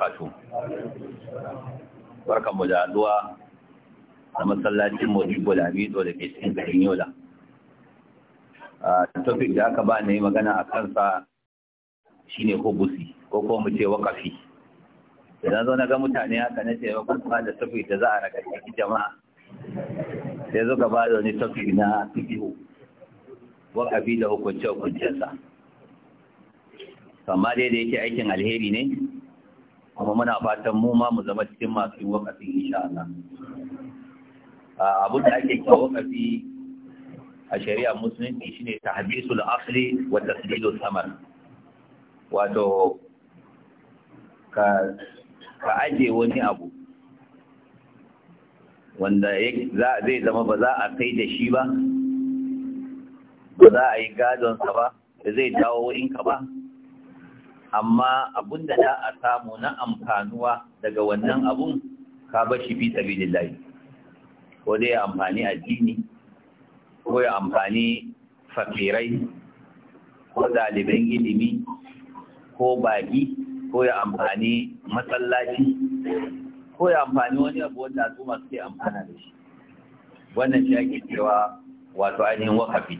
barakatu barkan mu da addu'a a masallacin da Lamido da ke cikin garin Yola a topic da aka ba ne magana a kansa shine hubusi ko ko mu ce wakafi idan zo na ga mutane haka na ce kuma da topic da za a raga cikin jama'a sai zo ba da wani topic na fiqh wakafi da hukunce hukuncensa amma dai da yake aikin alheri ne kuma muna fatan mu ma mu zama cikin masu yi wakafi insha Allah abin da ake kawo wakafi a shari'a musulunci shine tahbisul asli wa taslilus samar wato ka ka aje wani abu wanda zai zama ba za a kai da shi ba ba za a yi gadonsa ba da zai dawo ka ba amma abun da za a samu na amfanuwa daga wannan abun ka bar shi fi lillahi ko dai amfani addini ko ya amfani fakirai ko ɗaliban ilimi ko baki ko ya amfani masallaci ko ya amfani wani abu wanda al'umma suke amfana da shi wannan shi ake cewa wato ainihin wakafi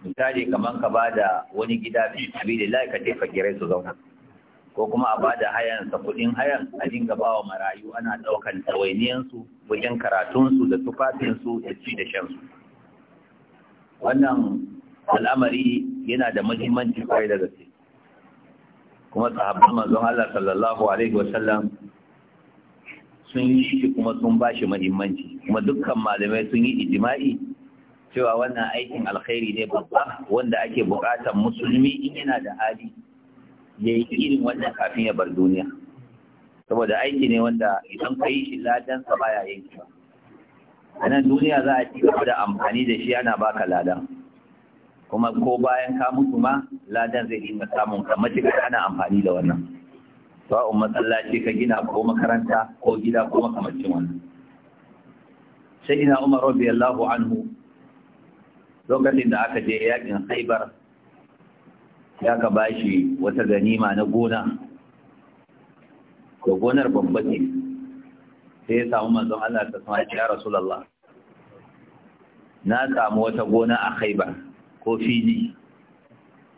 misali kamar ka ba da wani gida fi sabilillah ka ce fakirai su zauna ko kuma a ba da hayan sa kudin hayan a dinga ba wa marayu ana daukan tawainiyan su wajen karatun su da tufafin su da ci da shan su wannan al'amari yana da muhimmanci kai da gaske kuma sahabban manzon Allah sallallahu alaihi Sallam sun yi shi kuma sun ba shi muhimmanci kuma dukkan malamai sun yi ijima'i cewa wannan aikin alkhairi ne babba wanda ake buƙatar musulmi in yana da hali ya yi irin wannan kafin ya bar duniya saboda aiki ne wanda idan ka yi shi ladansa baya yankewa a nan duniya za a ci gaba da amfani da shi ana baka ladan kuma ko bayan ka mutu ma ladan zai dinga samun ka matuƙar ana amfani da wannan sawa'un masallaci ka gina ko makaranta ko gida ko makamancin wannan sai ina umar radiyallahu anhu lokacin da aka je yakin haibar ya ka ba shi wata ganima na gona da gonar babba ce sai ya samu manzon Allah ta sama ya Rasulallah na samu wata gona a haibar ko fili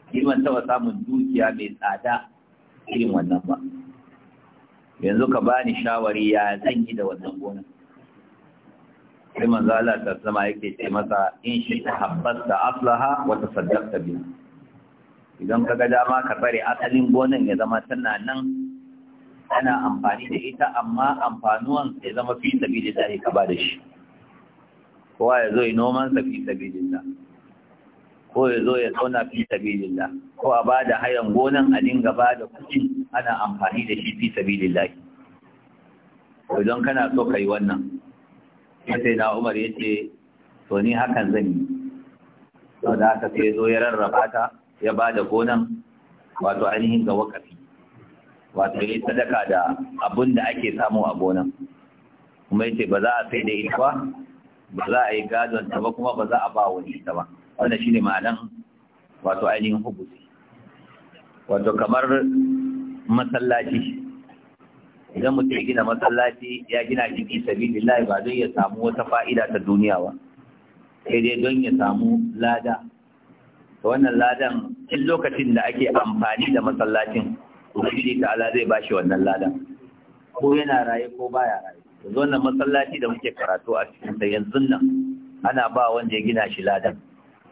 kiman taba samun dukiya mai tsada irin wannan ba yanzu ka bani shawari ya zan yi da wannan gonar sai manzo Allah ta zama yake ce masa in shi ta habbasta aslaha wa tasaddaqta biha idan ka ga dama ka bare asalin gonan ya zama tana nan ana amfani da ita amma amfanuwan ya zama fi sabilillah ka ba da shi kowa ya zo ya noman sa fi sabilillah ko ya zo ya zauna fi sabilillah ko a ba da hayan gonan a dinga ba da kuɗi ana amfani da shi fi sabilillah idan kana so ka yi wannan ya sai na umar ya ce to ni hakan zan yi sau da aka sai zo ya rarraba ta ya ba da gonan wato ainihin ga wakafi wato ya yi sadaka da abun da ake samu a gonan kuma ya ce ba za a sai da ita ba ba za a yi gadon ta ba kuma ba za a ba wani ita ba wannan shine ma'anan wato ainihin hubuti wato kamar masallaci idan mutum ya gina masallaci ya gina shi fi sabilillah ba don ya samu wata fa'ida ta duniya ba sai dai don ya samu lada to wannan ladan in lokacin da ake amfani da masallacin ubangiji ta ala zai bashi wannan ladan ko yana raye ko baya raye yanzu wannan masallaci da muke karatu a cikin ta yanzu nan ana ba wanda ya gina shi ladan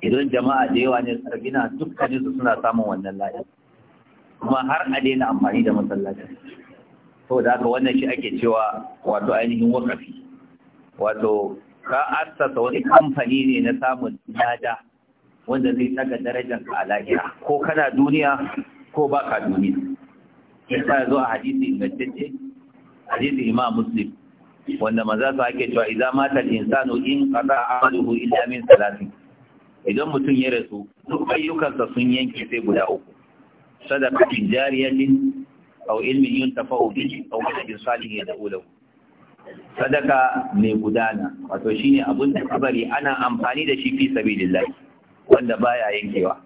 idan jama'a da yawa ne suka gina dukkaninsu suna samun wannan ladan kuma har a daina amfani da masallacin. saboda haka wannan shi ake cewa wato ainihin wakafi wato ka assasa wani kamfani ne na samun dada wanda zai saka darajar ka a lahira ko kana duniya ko ka duniya yasa zo a hadisi ingantacce hadisi imam muslim wanda maza su ake cewa idan mata insano insanu in qada amaluhu illa min salatin idan mutum ya rasu duk ayyukansa sun yanke sai guda uku sadaka jariyatin aw ilmin yuntafa'u bihi aw amalin salihin yad'u sadaka mai gudana wato shine abin da kabari ana amfani da shi fi sabilillah wanda baya yankewa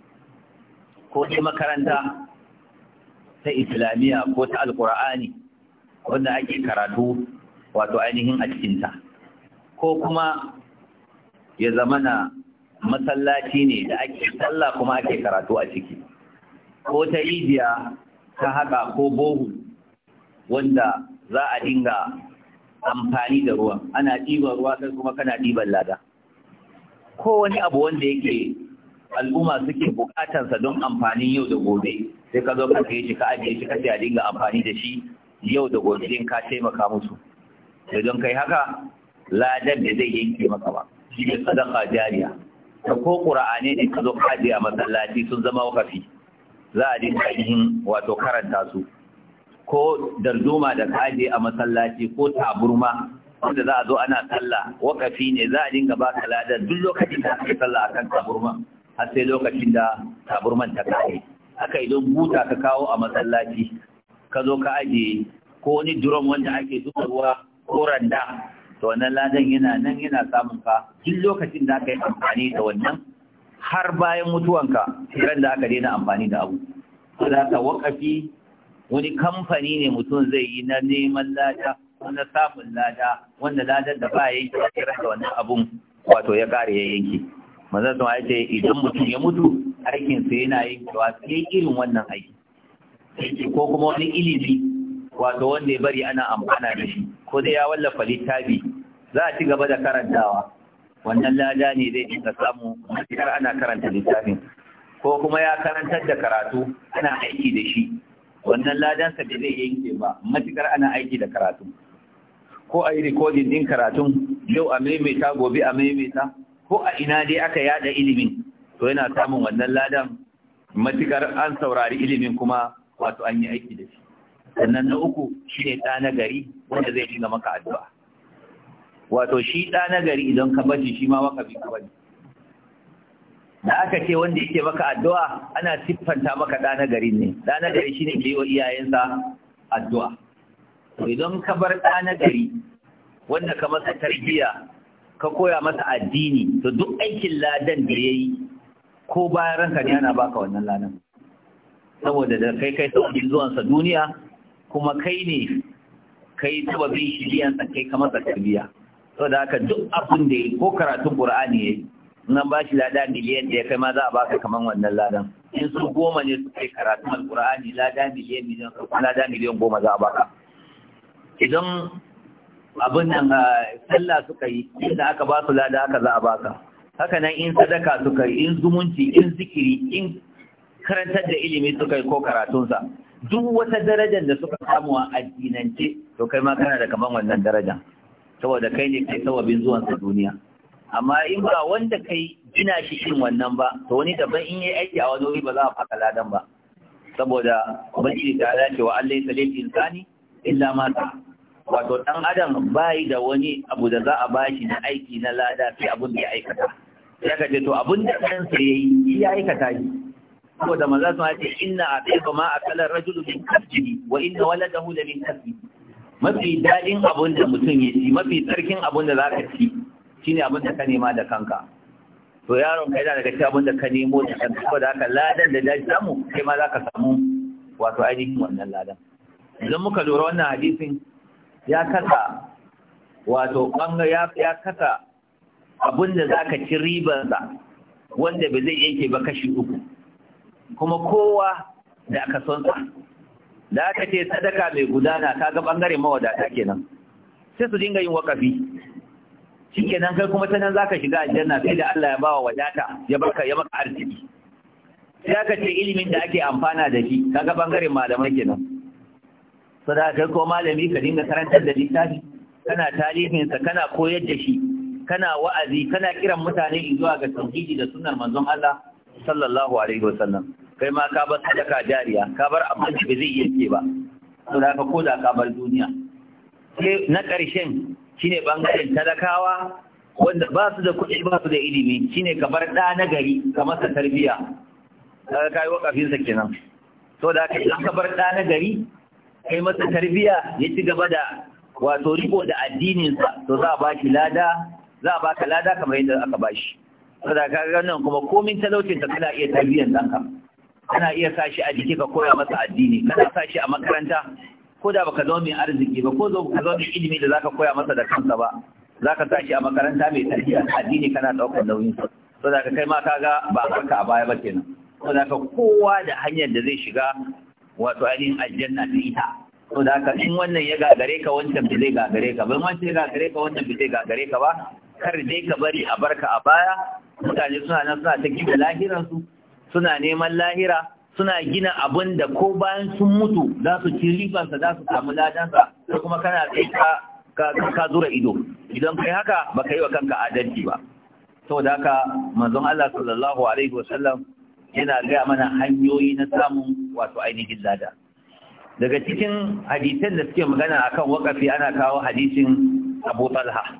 ko ta makaranta ta islamiyya ko ta alqur'ani wanda ake karatu wato ainihin a cikinta ko kuma ya zamana masallaci ne da ake sallah kuma ake karatu a ciki ko ta idiya ta haka ko bohu wanda za a dinga amfani da ruwa ana ɗiban ruwa kai kuma kana ɗiban lada ko wani abu wanda yake al'umma suke buƙatarsa don amfanin yau da gobe sai ka zo ka shi ka ajiye shi ka a dinga amfani da shi yau da gobe din ka taimaka musu da don kai haka ladan da zai yanke maka ba shi ne sadaka jariya ta ko qur'ani ne ka zo ka ajiye a masallaci sun zama wakafi za a dinka ainihin wato karanta su ko darduma da kaje a masallaci ko taburma wanda za a zo ana sallah wakafi ne za a dinga ba ka ladar duk lokacin da aka sallah sallah akan taburma har sai lokacin da taburman ta kare aka idan buta ka kawo a masallaci ka zo ka aje ko wani drum wanda ake zuba ruwa ko randa to wannan ladan yana nan yana samun ka duk lokacin da aka yi amfani da wannan har bayan mutuwanka ran da aka daina amfani da abu so da haka wani kamfani ne mutum zai yi na neman lada na samun lada wanda ladar da ba ya a kiran da wannan abun wato ya kare ya yanki su sun ya ce idan mutum ya mutu aikinsa yana yin kiwa sai irin wannan aiki ko kuma wani ilimi wato wanda ya bari ana amfana da shi ko dai ya wallafa littafi za a ci gaba da karantawa wannan lada ne zai dinga samu har ana karanta littafin ko kuma ya karantar da karatu ana aiki da shi wannan ladansa da zai yanke ba matukar ana aiki da karatu ko a yi rikodin din karatun yau a maimaita gobe a maimaita ko a ina dai aka yada ilimin to yana samun wannan ladan matukar an saurari ilimin kuma wato an yi aiki da shi sannan na uku shi ne ɗa na gari wanda zai shiga maka addu'a wato shi ɗa na gari idan ka bashi shi ma wakafi ka da aka ce wanda yake maka addu'a ana siffanta maka ɗa na gari ne ɗa na gari shine ke yi wa iyayensa addu'a to idan ka bar ɗa na gari wanda ka masa tarbiyya ka koya masa addini to duk aikin ladan da ya yi ko bayan ranka ne ana baka wannan ladan saboda da kai kai sauƙin zuwansa duniya kuma kai ne kai taba bin shi kai ka masa tarbiyya to da haka duk abin da yi ko karatun qur'ani yayi nan ba shi lada miliyan da ya kai ma za a baka kaman wannan ladan in su goma ne su kai karatun alqur'ani lada miliyan miliyan lada miliyan goma za a baka idan abin nan ah, sallah suka yi inda aka ba su lada aka za a baka haka nan in sadaka suka yi in zumunci in zikiri in karantar da ilimi suka yi ko karatunsa duk wata darajar da suka samu a addinance to kai ma kana da kaman wannan darajar saboda kai ne kai sababin zuwansa duniya amma in ba wanda kai gina shi shin wannan ba to wani daban in yi aiki a wani wuri ba za a faka ladan ba saboda ubangiji ta dace wa Allah ya lil insani illa ma ta wato dan adam bai da wani abu da za a bashi na aiki na lada sai abun da ya aikata sai ka ce to abun da dan sa yayi ya aikata shi saboda manzo sun ce inna a ma akala rajulu min kasbihi wa inna waladahu la min kasbihi mafi daɗin abin da mutum ya ci mafi tsarkin abin da za ka ci ne abin da ka nema da kanka to yaron ka yana daga cikin abin da ka nemo da kanka ko da haka ladan da daji samu kai ma za ka samu wato ainihin wannan ladan idan muka lura wannan hadisin ya kasa wato ɓangare ya kasa abin da za ka ci ribarsa wanda ba zai yanke ba kashi uku kuma kowa da aka son sa da aka ce sadaka mai gudana ta ga bangaren mawadata kenan sai su dinga yin wakafi nan kai kuma ta nan ka shiga aljanna sai da Allah ya bawa wadata ya baka ya maka arziki sai aka ce ilimin da ake amfana da shi ga ɓangaren malamai kenan sadaka kai ko malami ka dinga karantar da littafi kana talifinsa kana koyar da shi kana wa'azi kana kiran mutane zuwa ga tauhidi da sunnar manzon Allah sallallahu alaihi wasallam kai ma ka bar sadaka jariya ka bar abin da ba zai iya ce ba to da ka koda ka bar duniya sai na ƙarshen shine bangaren talakawa wanda ba su da kuɗi ba su da ilimi shine ka bar ɗa na gari ka masa tarbiyya kaga kai sa kenan to da ka idan ka bar ɗa na gari kai masa tarbiyya ya ci gaba da wato riko da addininsa to za a ba shi lada za a baka lada kamar yadda aka ba shi saboda ka ga nan kuma komin talaucin ka kana iya tarbiyyar ɗanka kana iya sa shi a jiki ka koya masa addini kana sa shi a makaranta ko da baka zo mai arziki ba ko ka zo mai ilimi da zaka koya masa da kansa ba zaka sa shi a makaranta mai tarbiyya addini kana daukar nauyin sa to da kai ma kaga ba barka a baya ba kenan to da kowa da hanyar da zai shiga wato ainihin aljanna ta ita to da ka, in wannan ya gagare ka wancan bai zai gagare ka ba wancan ya gagare ka wancan bai zai gagare ka ba kar dai ka bari a barka a baya mutane suna nan suna ta gida lahiransu suna neman lahira suna gina abin da ko bayan sun mutu za su ci ribansa za su samu ladansa ko kuma kana kai ka zura ido idan kai haka ba ka yi wa kanka adalci ba saboda haka manzon Allah sallallahu alaihi wasallam yana gaya mana hanyoyi na samun wato ainihin lada daga cikin hadisan da suke magana akan wakafi ana kawo hadisin Abu Talha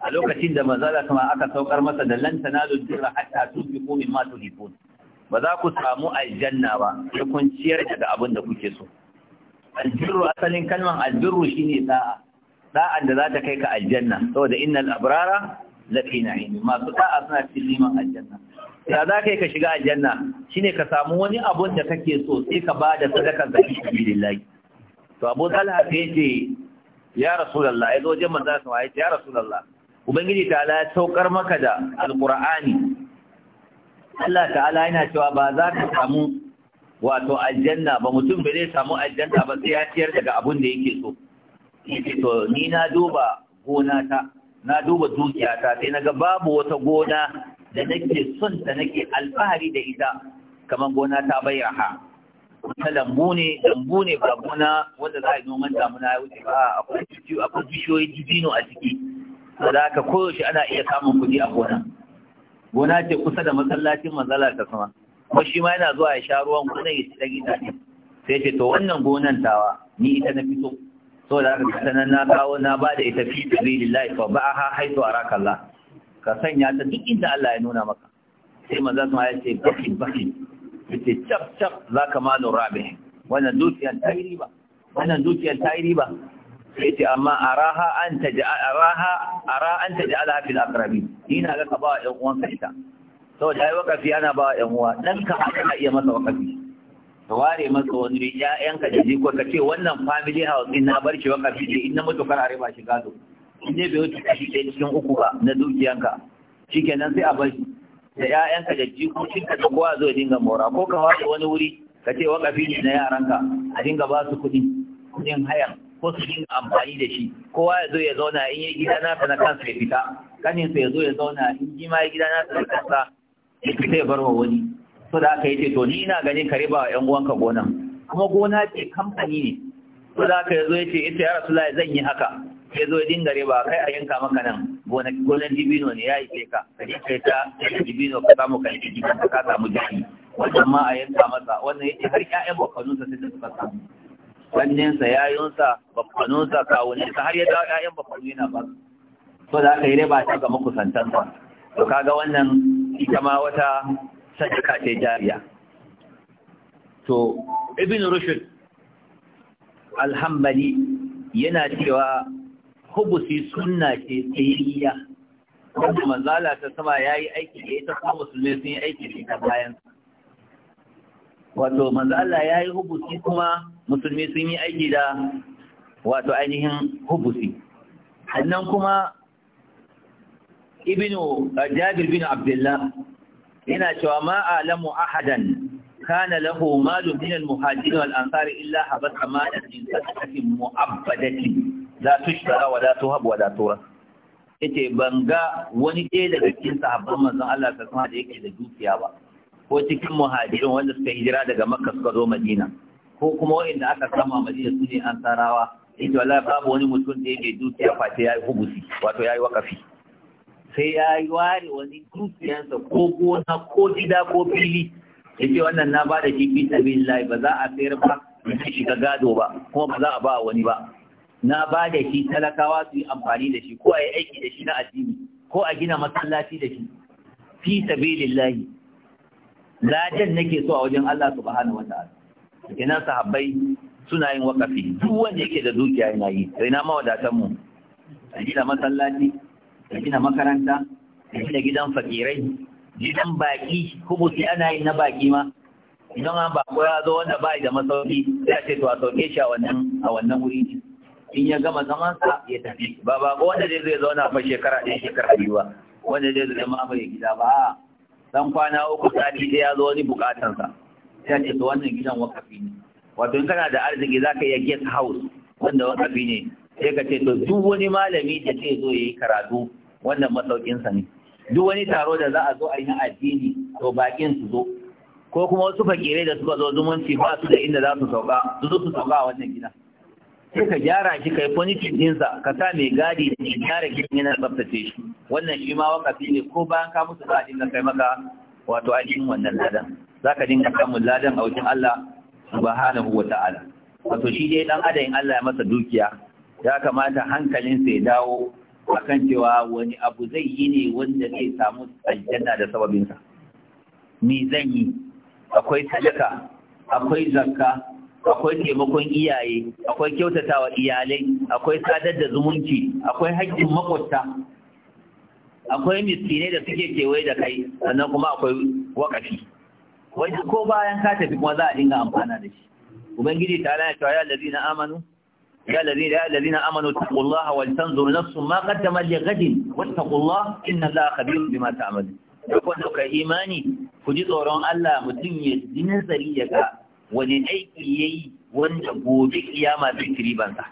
a lokacin da manzon Allah kuma aka saukar masa da lan tanalu dirra hatta tunfiqu mimma tuhibbun ba za ku samu aljanna ba sai kun ciyar daga abin da kuke so albirru asalin kalman albirru shine da'a da'an da za ta kai ka aljanna saboda innal abrara lafi na'im masu da'a suna cikin liman aljanna ya za kai ka shiga aljanna shine ka samu wani abun da kake so sai ka ba da sadakar da kake billahi to abu talha sai ce ya rasulullah yazo je manzo sa ya ce ya rasulullah ubangiji ta ala saukar maka da alqur'ani Allah ta'ala yana cewa ba za ka samu wato aljanna ba mutum ba zai samu aljanna ba sai ya ciyar daga abun da yake so yake to ni na duba gona ta na duba dukiya ta sai naga babu wata gona da nake son ta nake alfahari da ita kamar gona ta bayraha wata lambu ne lambu ne ba gona wanda za a yi noman damuna ya wuce ba akwai bishiyoyi dibino a ciki saboda haka koyaushe ana iya samun kuɗi a gona gona ce kusa da masallacin manzala ta sama kuma shi ma yana zuwa ya sha ruwan kunan ya ci dan ne. sai ce to wannan gonan tawa ni ita na fito saboda haka sanan na kawo na ba da ita fi sabilillahi fa ba'aha haitu araka Allah ka sanya ta duk inda Allah ya nuna maka sai manzo sama ya ce bakin bakin ce cap cap zaka ka rabi wannan dukiyar wannan dukiyar ta yi riba sai amma amma araha an taj'al araha ara an taj'alha fil aqrabi ina ga ka ba uwan ka ita yawa ka wakafi ana ba ɗan uwa dan ka haka iya masa wakafi ka ware masa wani ka da jiko ka ce wannan family house din na bar shi wakafi ce in na mutu kar a riba shi gado in ne bai wuce kashi ɗaya cikin uku ba na dukiyanka shikenan sai a bar shi da ka da ka da kowa zo ya dinga mora ko ka ware wani wuri ka ce wakafi ne na yaranka a dinga ba su kuɗi kuɗin hayan ko su yi amfani da shi kowa ya zo ya zauna in yi gida nasa na kansa ya fita kanin sa ya zo ya zauna in ji ma ya gida nasa na kansa ya fita ya bar wani so da aka yi ce to ni ina ganin ka riba wa uwanka gona kuma gona ce kamfani ne so da aka zo ya ce ita ya rasu zan yi haka ya zo ya dinga riba kai a yanka maka nan gonan dibino ne ya yi ka ka je kai ta dibino ka samu kai yi ka samu jiki wannan ma a yanka masa wannan ya har ƴaƴan bakwanunsa sai da suka samu wanninsa yayunsa babbanunsa kawuninsa har ya dawo ƴaƴan babbanu yana ba so da aka yi riba ta ga makusantansa to kaga wannan ita ma wata sadaka ce jariya to ibn rushd alhambali yana cewa hubusi sunna ce tsiriya wanda manzala ta sama ya yi aiki da ita kuma musulmi sun yi aiki da ita bayan wato manzala ya yi hubusi kuma musulmi sun yi aiki da wato ainihin hubusi Hannan kuma Ibinu, jabir bin abdullah yana cewa ma alamu ahadan kana lahu malun min al-muhajirin wal ansar illa habat amanan in sadaqatin mu'abbadati la tushtara wa su tuhab wa la turas ban ga wani ɗaya daga cikin sahabban manzon Allah ta kuma da yake da dukiya ba ko cikin muhajirin wanda suka hijira daga Makka suka zo Madina ko kuma wa'inda aka kama madina su ne ansarawa inda wala babu wani mutum da yake dukiya face yayi hubusi wato yayi wakafi sai ya ware wani dukiyansa ko gona ko gida ko fili yace wannan na ba da shi fi sabilillahi ba za a sayar ba shi shiga gado ba kuma ba za a ba wani ba na ba shi talakawa su yi amfani da shi ko a yi aiki da shi na addini ko a gina masallaci da shi fi sabilillahi ladan nake so a wajen Allah subhanahu wataala ina sahabbai suna yin wakafi duk wanda yake da dukiya yana yi sai na mawadatan mu a gina masallaci a gina makaranta a gina gidan fakirai gidan baki kuma sai ana yin na baki ma idan an bako ya zo wanda ba da masauki sai a ce to a sauke shi a wannan a wannan wuri in ya gama zaman sa ya tafi ba ko wanda zai zo na fa shekara ɗaya shekara biyu ba wanda zai zama ma bai gida ba dan kwana uku sati sai ya zo wani bukatansa ta ce to wannan gidan wakafi ne wato in kana da arziki za ka iya guest house wanda wakafi ne sai ka ce to duk wani malami da zai zo ya yi karatu wannan masaukinsa ne duk wani taro da za a zo a yi na addini to bakin su zo ko kuma wasu fakirai da suka zo zumunci ba su da inda za su sauka su zo su sauka a wannan gida sai ka gyara shi ka yi furnitin dinsa ka sa mai gadi da ke gyara gidan yana tsaftace shi wannan shi ma wakafi ne ko bayan ka mutu ba a dinga kai maka wato ainihin wannan ladan za ka dinga samun ladan a wajen Allah subhanahu wa ta'ala wato shi dai dan adam Allah ya masa dukiya ya kamata hankalinsa ya dawo akan cewa wani abu zai yi ne wanda zai samu aljanna da sababinsa me zan yi akwai sadaka akwai zakka akwai taimakon iyaye akwai kyautatawa iyalai akwai sadar da zumunci akwai haƙƙin makwabta akwai miskinai da suke kewaye da kai sannan kuma akwai wakafi wanda ko bayan ka tafi kuma za a dinga amfana da shi ubangiji ta ala cewa ya na amanu ya allazina ya allazina amanu taqullaha wal tanzur nafsun ma qaddamat li ghadin wattaqullaha inna allaha khabirun bima ta'malun duk wanda ka imani ku ji tsoron Allah mutum ya ji nazari ya ga wani aiki ya yi wanda gobe kiyama zai ribansa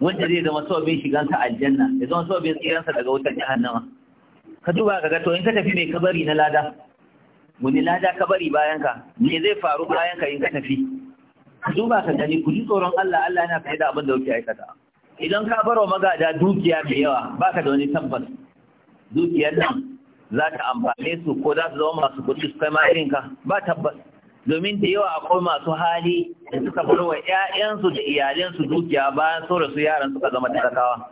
wanda zai zama sababin shigansa aljanna ya zama sababin tsiransa daga wutar jahannama ka duba ka ga in ka tafi mai kabari na lada wani lada ka bari bayan ka me zai faru bayan ka in ka tafi duba ka gani ku ji tsoron Allah Allah yana kai da abin da kuke aikata idan ka baro magada dukiya mai yawa ka da wani tabbas dukiyar nan za ta amfane su ko za su zama masu kuɗi su kai ma irin ka ba tabbas domin da yawa akwai masu hali da suka bar wa 'ya'yansu da iyalinsu dukiya bayan so su yaran suka zama talakawa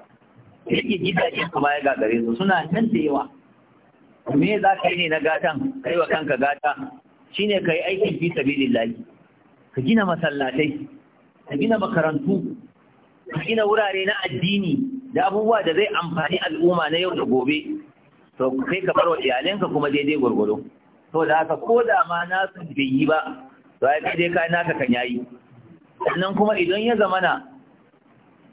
yake gidajen kuma ya gagare su suna nan da yawa me za ka yi ne na gatan kai wa kanka gata shi ne ka yi aikin fi sabilillahi ka gina masallatai ka gina makarantu ka gina wurare na addini da abubuwa da zai amfani al'umma na yau da gobe to kai ka bar wa iyalanka kuma daidai gwargwado to da haka ko da ma na su bai yi ba to ai kai ka naka kan yayi sannan kuma idan ya zamana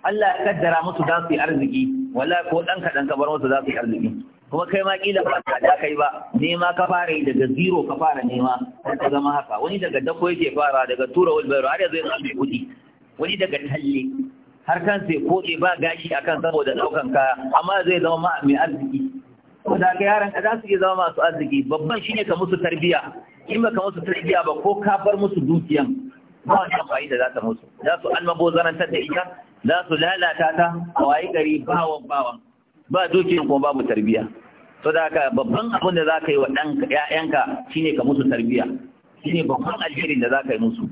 Allah ya kaddara musu za su yi arziki wala ko ɗanka kaɗan ka bar musu za su yi arziki kuma kai ma kila ba ta da kai ba nema ka fara yi daga zero ka fara nema har ka zama haka wani daga dako yake fara daga tura wulbairo har yanzu yana mai kudi, wani daga talle har kan sai ke, ba gashi akan saboda ɗaukan kaya amma zai zama mai arziki ko da ka yaran ka za su iya zama masu arziki babban shine ka musu tarbiya in ba ka musu tarbiya ba ko ka bar musu dukiyan ba wani amfani da za ta musu za su almabozarantar da ita za su lalata ta a wayi gari bawan bawan ba dukiyan kuma babu tarbiya to da haka babban abin da zaka yi wa dan ƴaƴanka shine ka musu tarbiya shine babban alherin da zaka yi musu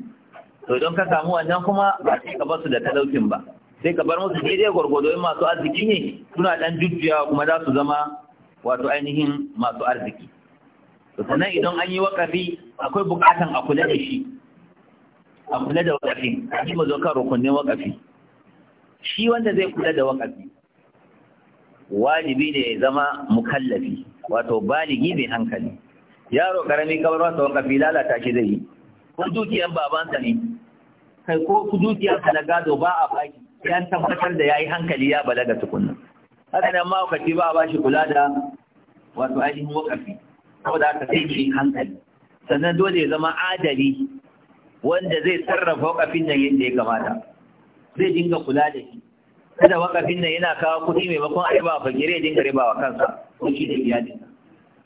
to idan ka samu wannan kuma ba sai ka basu da talaucin ba sai ka bar musu daidai gwargwado in masu arziki ne suna dan jujjuyawa kuma za su zama wato ainihin masu arziki to sannan idan an yi wakafi akwai bukatan a kula da shi a kula da wakafi a yi mazo kan rukunin wakafi shi wanda zai kula da wakafi wajibi ne ya zama mukallafi wato baligi mai hankali yaro karami kamar wata wanka fi lalata shi zai yi ko dukiyar babansa ne kai ko dukiyarsa na gado ba a baki yan tabbatar da yayi hankali ya balaga tukunna haka nan mawakaci ba a bashi kula da wato ainihin wakafi da aka sai shi hankali sannan dole ya zama adali wanda zai sarrafa wakafin nan yadda ya kamata zai dinga kula da shi kada wakafin nan yana kawo kuɗi maimakon a riba fagire din ka riba wa kansa ne da iyali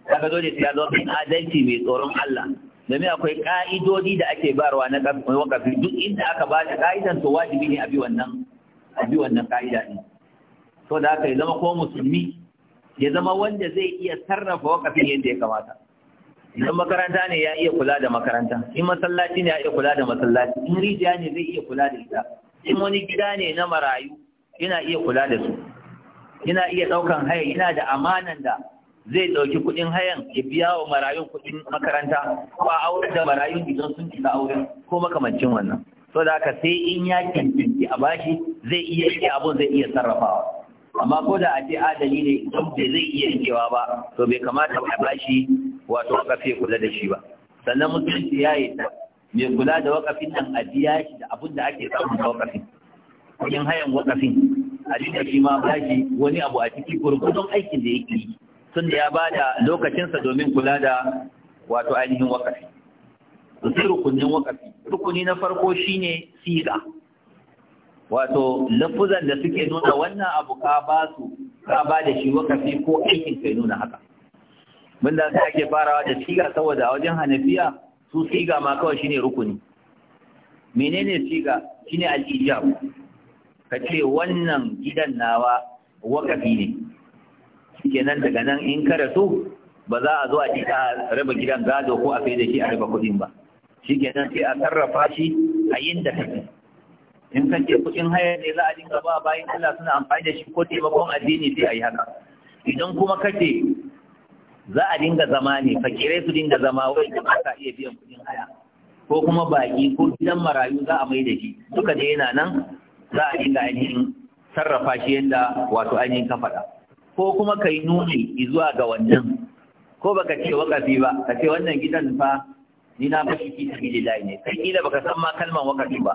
kaga dole sai ya zo mai adalci mai tsoron Allah domin akwai ka'idodi da ake barwa na wakafi duk inda aka ba da ka'idan to wajibi ne a bi wannan a bi wannan ka'ida ne to da haka ya zama ko musulmi ya zama wanda zai iya sarrafa wakafin yadda ya kamata idan makaranta ne ya iya kula da makaranta in masallaci ne ya iya kula da masallaci in rijiya ne zai iya kula da ita in wani gida ne na marayu ina iya kula da su ina iya ɗaukan haya ina da amanan da zai ɗauki kuɗin hayan ya biya wa marayun kuɗin makaranta ko a auren da marayun idan sun isa aure ko makamancin wannan so da haka sai in ya kintinki a bashi zai iya rike abun zai iya sarrafawa amma ko da a ce adali ne idan bai zai iya rikewa ba to bai kamata a bashi wato kafe kula da shi ba sannan mutunci ya yi ta mai kula da wakafin nan a biya shi da abun da ake samun wakafin kudin hayan wakafin a dinga shi ma bashi wani abu a ciki gurgudun aikin da yake yi tun da ya ba da lokacinsa domin kula da wato ainihin wakafi sai rukunin wakafi rukuni na farko shine siga wato lafuzan da suke nuna wannan abu ka ba su ka ba da shi wakafi ko aikin kai nuna haka mun da sai ake farawa da siga saboda wajen hanafiya su siga ma kawai shine rukuni menene siga shine al-ijab ka ce wannan gidan nawa wakafi ne kenan daga nan in ka ba za a zo a cika raba gidan gado ko a fi da shi a raba kuɗin ba shi kenan sai a sarrafa shi a yin da kake in kan ce kuɗin haya ne za a dinga ba bayan Allah suna amfani da shi ko taimakon addini sai a yi haka idan kuma ce za a dinga zama ne fakirai su dinga zama wai da ba sa iya biyan kuɗin haya ko kuma baƙi ko gidan marayu za a mai da shi duka dai yana nan za a dinga ainihin sarrafa shi yadda wato ainihin ka faɗa ko kuma ka yi nuni zuwa ga wannan ko baka ce wakafi ba ka ce wannan gidan fa ni na bashi fi sabilillahi ne kai kila baka san ma kalman wakafi ba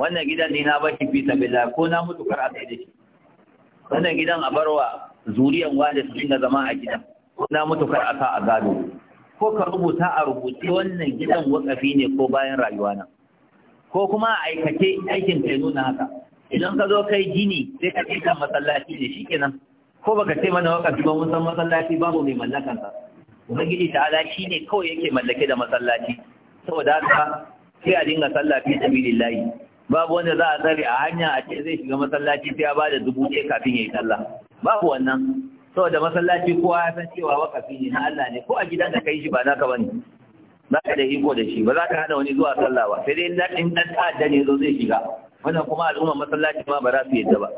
wannan gidan ni na bashi fi sabilillahi ko na mutu kar a sai da shi wannan gidan a barwa zuriyan wanda su dinga zama a gidan ko na mutu kar a sa a gado ko ka rubuta a rubuce wannan gidan wakafi ne ko bayan rayuwa na ko kuma a aikace aikin ka nuna haka idan ka zo kai gini sai ka ce kan masallaci ne shi kenan. ko ba ka ce mana waka ba mun san masallaci babu mai mallakan sa ubangiji shi ne kawai yake mallake da masallaci saboda haka sai a dinga sallah fi sabilillahi babu wanda za a tsare a hanya a ce zai shiga masallaci sai a ba da dubu ɗaya kafin ya yi sallah babu wannan saboda masallaci kowa ya san cewa wakafi ne na Allah ne ko a gidan da kai shi ba naka bane za ka da iko da shi ba za ka hana wani zuwa sallah ba sai dai in ɗan ta'adda ne zo zai shiga wannan kuma al'umma masallaci ma ba za su yadda ba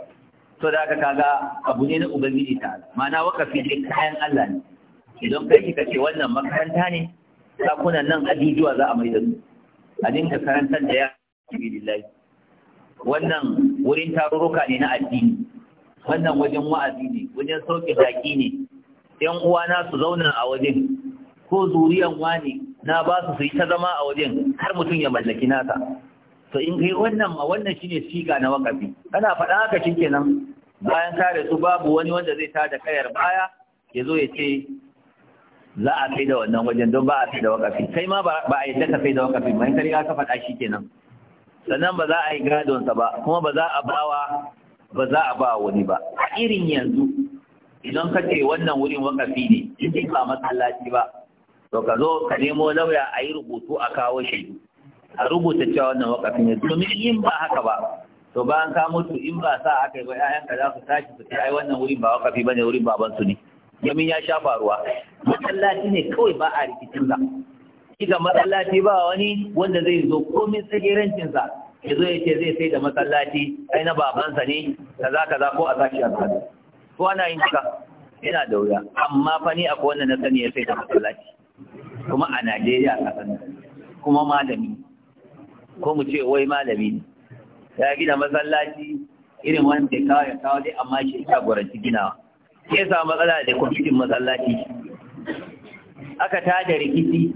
to da aka kaga abu ne na ubangiji ta ma'ana wakafi dai kayan Allah ne idan kai kika ce wannan makaranta ne sakunan nan ajujuwa za a mai da su a dinka karantar da ya billahi wannan wurin tarurruka ne na addini wannan wajen wa'azi ne wajen sauke daki ne yan uwana su zauna a wajen ko zuriyan wani na ba su yi ta zama a wajen har mutum ya mallaki nasa to in kai wannan ma wannan shine siga na wakafi kana faɗa haka kenan bayan tare su babu wani wanda zai da kayar baya ya zo ya ce za a kai da wannan wajen don ba a kai da wakafi kai ma ba a yi ka kai da wakafi mai kari ka faɗa shi kenan sannan ba za a yi gadonsa ba kuma ba za a bawa ba za a ba wani ba a irin yanzu idan ka ce wannan wurin wakafi ne in ba masallaci ba to ka zo ka nemo lauya a yi rubutu a kawo shaidu a rubuta cewa wannan wakafi ne domin in ba haka ba to ba an samu mutu in ba sa aka yi ba za su tashi su ai wannan wurin ba wakafi bane wurin baban su ne domin ya sha faruwa masallaci ne kawai ba a rikicin sa ga masallaci ba wani wanda zai zo komai tsagerancin sa ya zo ya ce zai sai da masallaci ai na babansa ne kaza kaza ko a tashi a ko ana yin haka yana da wuya amma fa ni akwai na sani ya sai da masallaci kuma a Najeriya kasan kuma malami ko mu ce wai malami ne ya gina masallaci irin wanda kawo ya kawo dai amma shi ya gwaranci ginawa Ke sa matsala da kwamitin masallaci aka tada rikici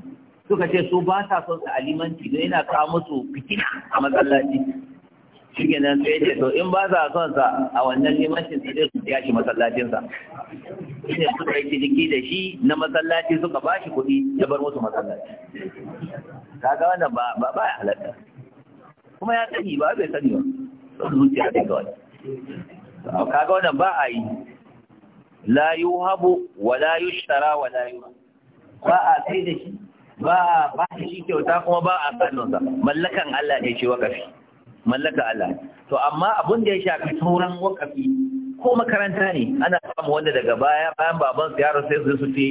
suka ce su ba sa son su alimanci don yana kawo musu fitina a masallaci shi nan sai ce to in ba sa son sa a wannan limancin sai su ya shi masallacin sa sai suka yi ciniki da shi na masallaci suka ba shi kuɗi ya bar musu masallaci kaga wannan ba ba ba halatta kuma ya sani ba bai sani ba zuciya da kawai kaga wannan ba a yi la yuhabu wa la yushtara wa la ba a sai da shi ba ba shi kyauta kuma ba a sa mallakan Allah ne ce wakafi mallaka Allah to amma abunda da ya shafi sauran wakafi ko makaranta ne ana samu wanda daga baya bayan baban su yaro sai su ce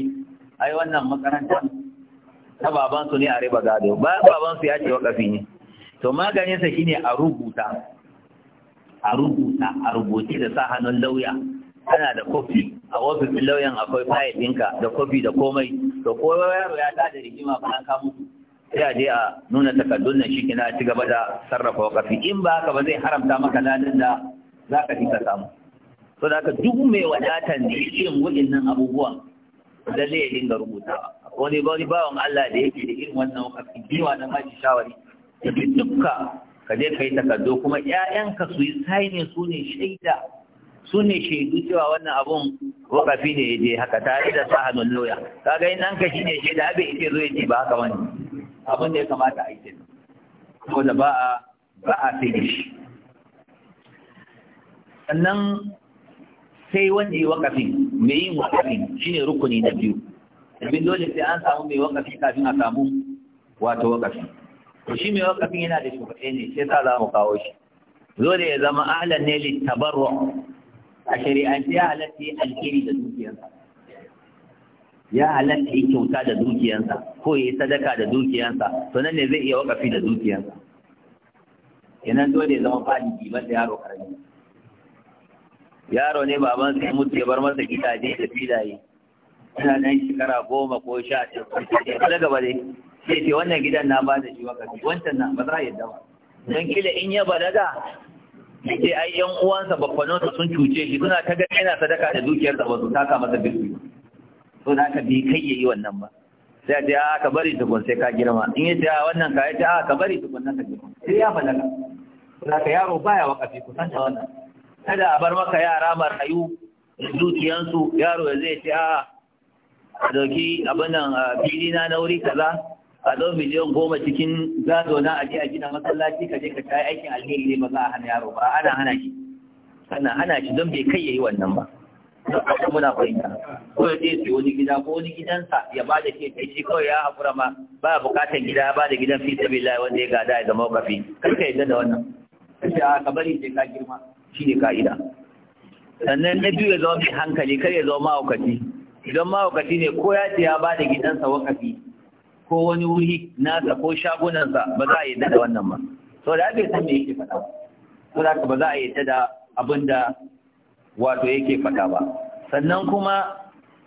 ai wannan makaranta ta baban su ne a riba gado bayan baban su ya ce wakafi ne to maganin sa shine a rubuta a rubuta a rubuce da sa hannun lauya kana da kofi a ofishin lauyan akwai fayil ɗinka da kofi da komai to ko yaro ya tada rigima ba an mutu. sai a je a nuna takardun nan shi kina ci gaba da sarrafa wakafi in ba haka ba zai haramta maka ladan da za ka fi ka samu so da haka duk mai wadatan da irin nan abubuwan lalle zai dinga rubutawa wani wani bawan Allah da yake da irin wannan wakafi biwa na mashi shawari da dukka ka je ka yi takardu kuma ƴaƴanka su yi sainin su ne shaida su ne shaidu cewa wannan abun wakafi ne ya je haka tare da sa hannun lauya kaga in ka shi ne shaida bai ita zo ya ce ba haka wani abin da ya kamata a yi kenan saboda ba a ba a sai da shi sannan sai wanda yi wakafin mai yin wakafin shine rukuni na biyu abin dole sai an samu mai wakafi kafin a samu wato wakafi to shi mai wakafin yana da shugaba ne sai sa za mu kawo shi dole ya zama ahlan ne littabarwa a shari'ance ya yi alheri da dukiyarsa ya halatta yi kyauta da dukiyansa ko ya yi sadaka da dukiyansa to nan ne zai iya wakafi da dukiyansa kenan dole ya zama fadi ban da yaro karami yaro ne baban sai mutu ya bar masa gidaje da filaye ina nan shekara goma ko sha ɗaya kala gaba dai sai ce wannan gidan na ba da shi wakafi wancan na ba za a yadda ba don kila in ya balaga sai ai yan uwansa bakwanonsa sun cuce shi suna ta gani yana sadaka da dukiyarsa ba su taka masa bisu to da ka bi kai yayi wannan ba sai ce a ka bari tukun sai ka girma in yi ta wannan ka yi ta a ka bari tukun nan ka girma sai ya balaga za ka yaro baya wakafi kusan da wannan kada a bar maka yara marayu dukiyansu yaro ya zai ce a a dauki abin nan fili na na wuri kaza a zo miliyan goma cikin gado na aje a gina masallaci ka je ka ta aikin alheri ne ba za a hana yaro ba ana hana shi ana hana shi don bai kai yayi wannan ba muna fahimta ko ya je ya ba da ke ya ma ba bukatan gida ba ka yadda a ka bari sai ka girma shi ne ka'ida sannan na biyu ya zama mai hankali kar ya zama ma'aukaci. idan ma'aukaci ne ko ya ce ya ba da gidansa wakafi ko wani wuri nasa ko shagunansa ba za a yadda da wannan ba saboda abin san me yake faɗa saboda ba za a yadda da abin da wato yake faɗa ba sannan kuma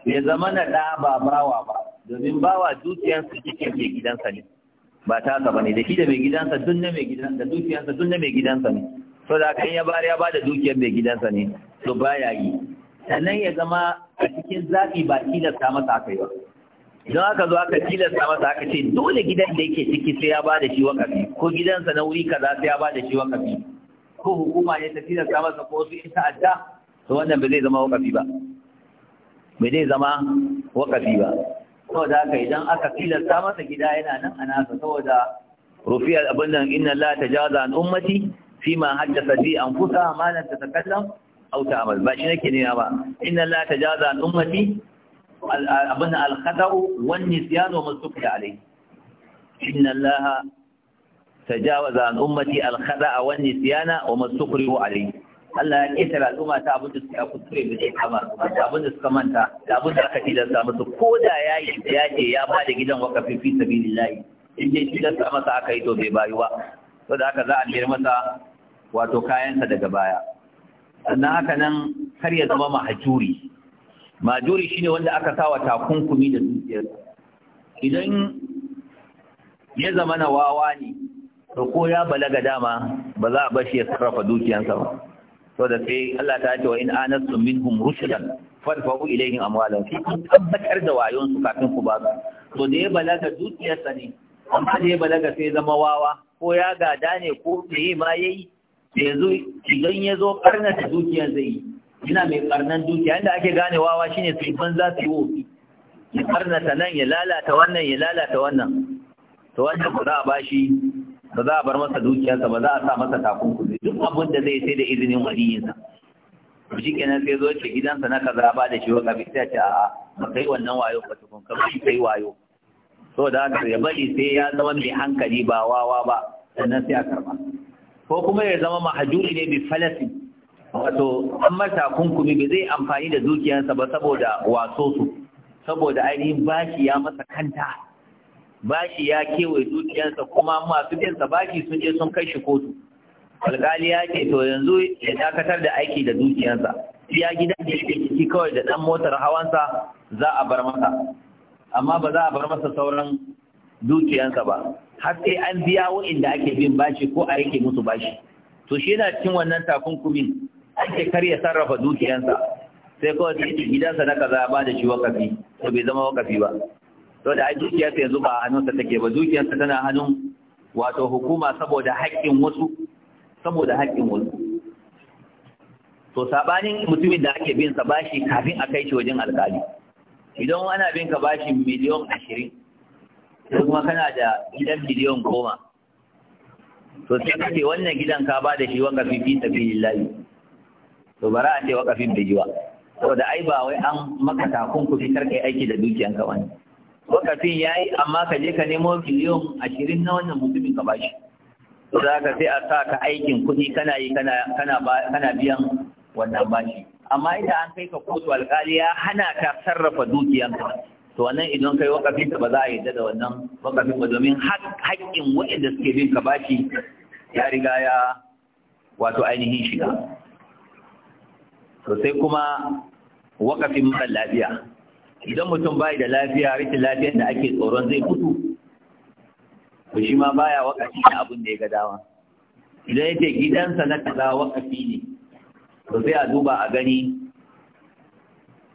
bai zama na ɗa ba bawa ba domin bawa dukiyarsa cikin mai gidansa ne ba ta haka ne da shi da mai gidansa duk na mai gidansa da dukiyarsa na mai gidansa ne so da kan ya bari ya bada dukiyar mai gidansa ne to baya yi sannan ya zama a cikin zaɓi ba tilasta masa aka yi ba idan aka zo aka tilasta masa aka ce dole gidan da yake ciki sai ya bada shi wakafi ko gidansa na wuri kaza sai ya bada shi wakafi ko hukuma ne ta tilasta masa ko su in ta'adda to wannan ba zai zama wakafi ba ba zai zama wakafi ba saboda haka idan aka tilasta masa gida yana nan a nasa saboda rufiyar abin nan inna la tajaza an ummati fima haddasa bi anfusa ma lan tatakallam aw ta'mal ba shi nake nema ba inna la tajaza an ummati abin al-khata'u wan nisyanu masuqi alayhi inna allaha ummati! عن أمتي الخدع والنسيان وما استقروا عليه Allah ya ƙetare al'umma ta abin da suka kuskure ba zai kama da suka manta da abin da aka tilasta musu ko da ya yi ya ce ya ba da gidan wakafi fi sabilillahi in dai tilasta masa aka yi to bai bayu ba to da haka za a masa wato kayansa daga baya sannan haka nan kar ya zama mahajuri mahajuri shine wanda aka sawa takunkumi da dukiyar idan ya zama na wawa ne to ko ya balaga dama ba za a bashi ya sarrafa dukiyansa ba to da sai Allah ta ce wa in anastu minhum rushdan fadfa'u ilayhim amwalahum fi kun tabbatar da wayon su kafin ku ba to da ya balaga dukiyarsa ne amma da ya balaga sai zama wawa ko ya gada ne ko meye ma yayi yanzu idan ya zo karnata dukiyar zai yi Ina mai karnan dukiya inda ake gane wawa shine ban za su yi wofi ya karnata nan ya lalata wannan ya lalata wannan to wannan ku za a bashi ba za a bar masa dukiyarsa ba za a sa masa takunkumi duk abin da zai sai da izinin waliyinsa to shi kenan sai zo ce gidansa na kaza ba da shi wa kafi sai ce a'a ba kai wannan wayo ba tukun ka bari kai wayo so da haka ya bari sai ya zama mai hankali ba wawa ba sannan sai a karba ko kuma ya zama mahajuri ne bi falasi wato an mata takunkumi bai zai amfani da dukiyarsa ba saboda waso su saboda ainihin bashi ya masa kanta bashi ya kewaye dukiyarsa kuma masu binsa bashi sun je sun kai shi kotu alkali ya ce to yanzu ya dakatar da aiki da dukiyarsa ya gida da yake ciki kawai da dan motar hawansa za a bar masa amma ba za a bar masa sauran dukiyarsa ba har sai an biya wa'inda ake bin bashi ko a yake musu bashi to shi yana cikin wannan takunkumin ake karya sarrafa dukiyarsa sai kawai sai gidansa na kaza ba da shi wakafi to bai zama wakafi ba to da dukiyarsa yanzu ba hannunsa take ba dukiyarsa tana hannun wato hukuma saboda haƙƙin wasu saboda haƙƙin wasu to sabanin mutumin da ake bin sa bashi kafin a kai shi wajen alƙali idan ana bin ka bashi miliyon ashirin ko kuma kana da gidan miliyon goma to sai ka ce wannan gidan ka ba da shi wanga fi layi. to bara a ce wakafin bijiwa saboda ai ba wai an maka takun ku fitar kai aiki da dukiyanka wani wakafin ya yi amma ka je ka nemo biliyon ashirin na wannan mutumin ka bashi za ka sai a sa ka aikin kuɗi kana yi kana biyan wannan bashi amma idan an kai ka kotu alkali ya hana ka sarrafa dukiyanka to wannan idan kai wakafin ka ba za a yi da wannan wakafin ba domin haƙƙin waɗanda suke bin ka bashi ya riga ya wato ainihin shiga to sai kuma wakafin mara lafiya idan mutum bai da lafiya rikin lafiyar da ake tsoron zai mutu to shi ma baya wakafi na abin da ya ga dawa. idan yake gidansa na kaza wakafi ne to sai a duba a gani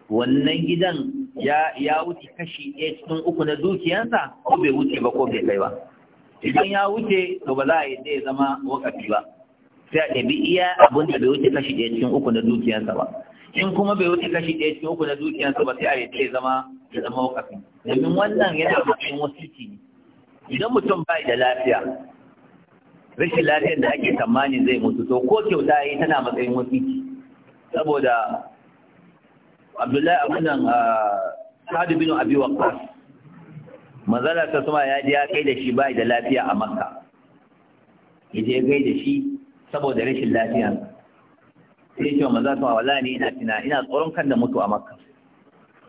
wannan gidan ya ya wuce kashi ɗaya cikin uku na dukiyansa ko bai wuce ba ko bai kai ba idan ya wuce to ba za a yi zai zama wakafi ba sai a ɗabi iya abin da bai wuce kashi ɗaya cikin uku na dukiyansa ba in kuma bai wuce kashi ɗaya cikin uku na dukiyarsa ba sai a yi ta zama ya zama wakafi domin wannan yana matsayin wasu ne idan mutum ba da lafiya rashin lafiyar da ake tsammanin zai mutu to ko kyauta yi tana matsayin wasu wasiki saboda abdullahi abunan ah, sadu bin abi waqas manzala ta suma ya je ya kai da shi ba da lafiya a makka ya je gai da shi saboda rashin lafiyarsa sai ce maza ta wala ne ina tina ina tsoron kan da mutu a makka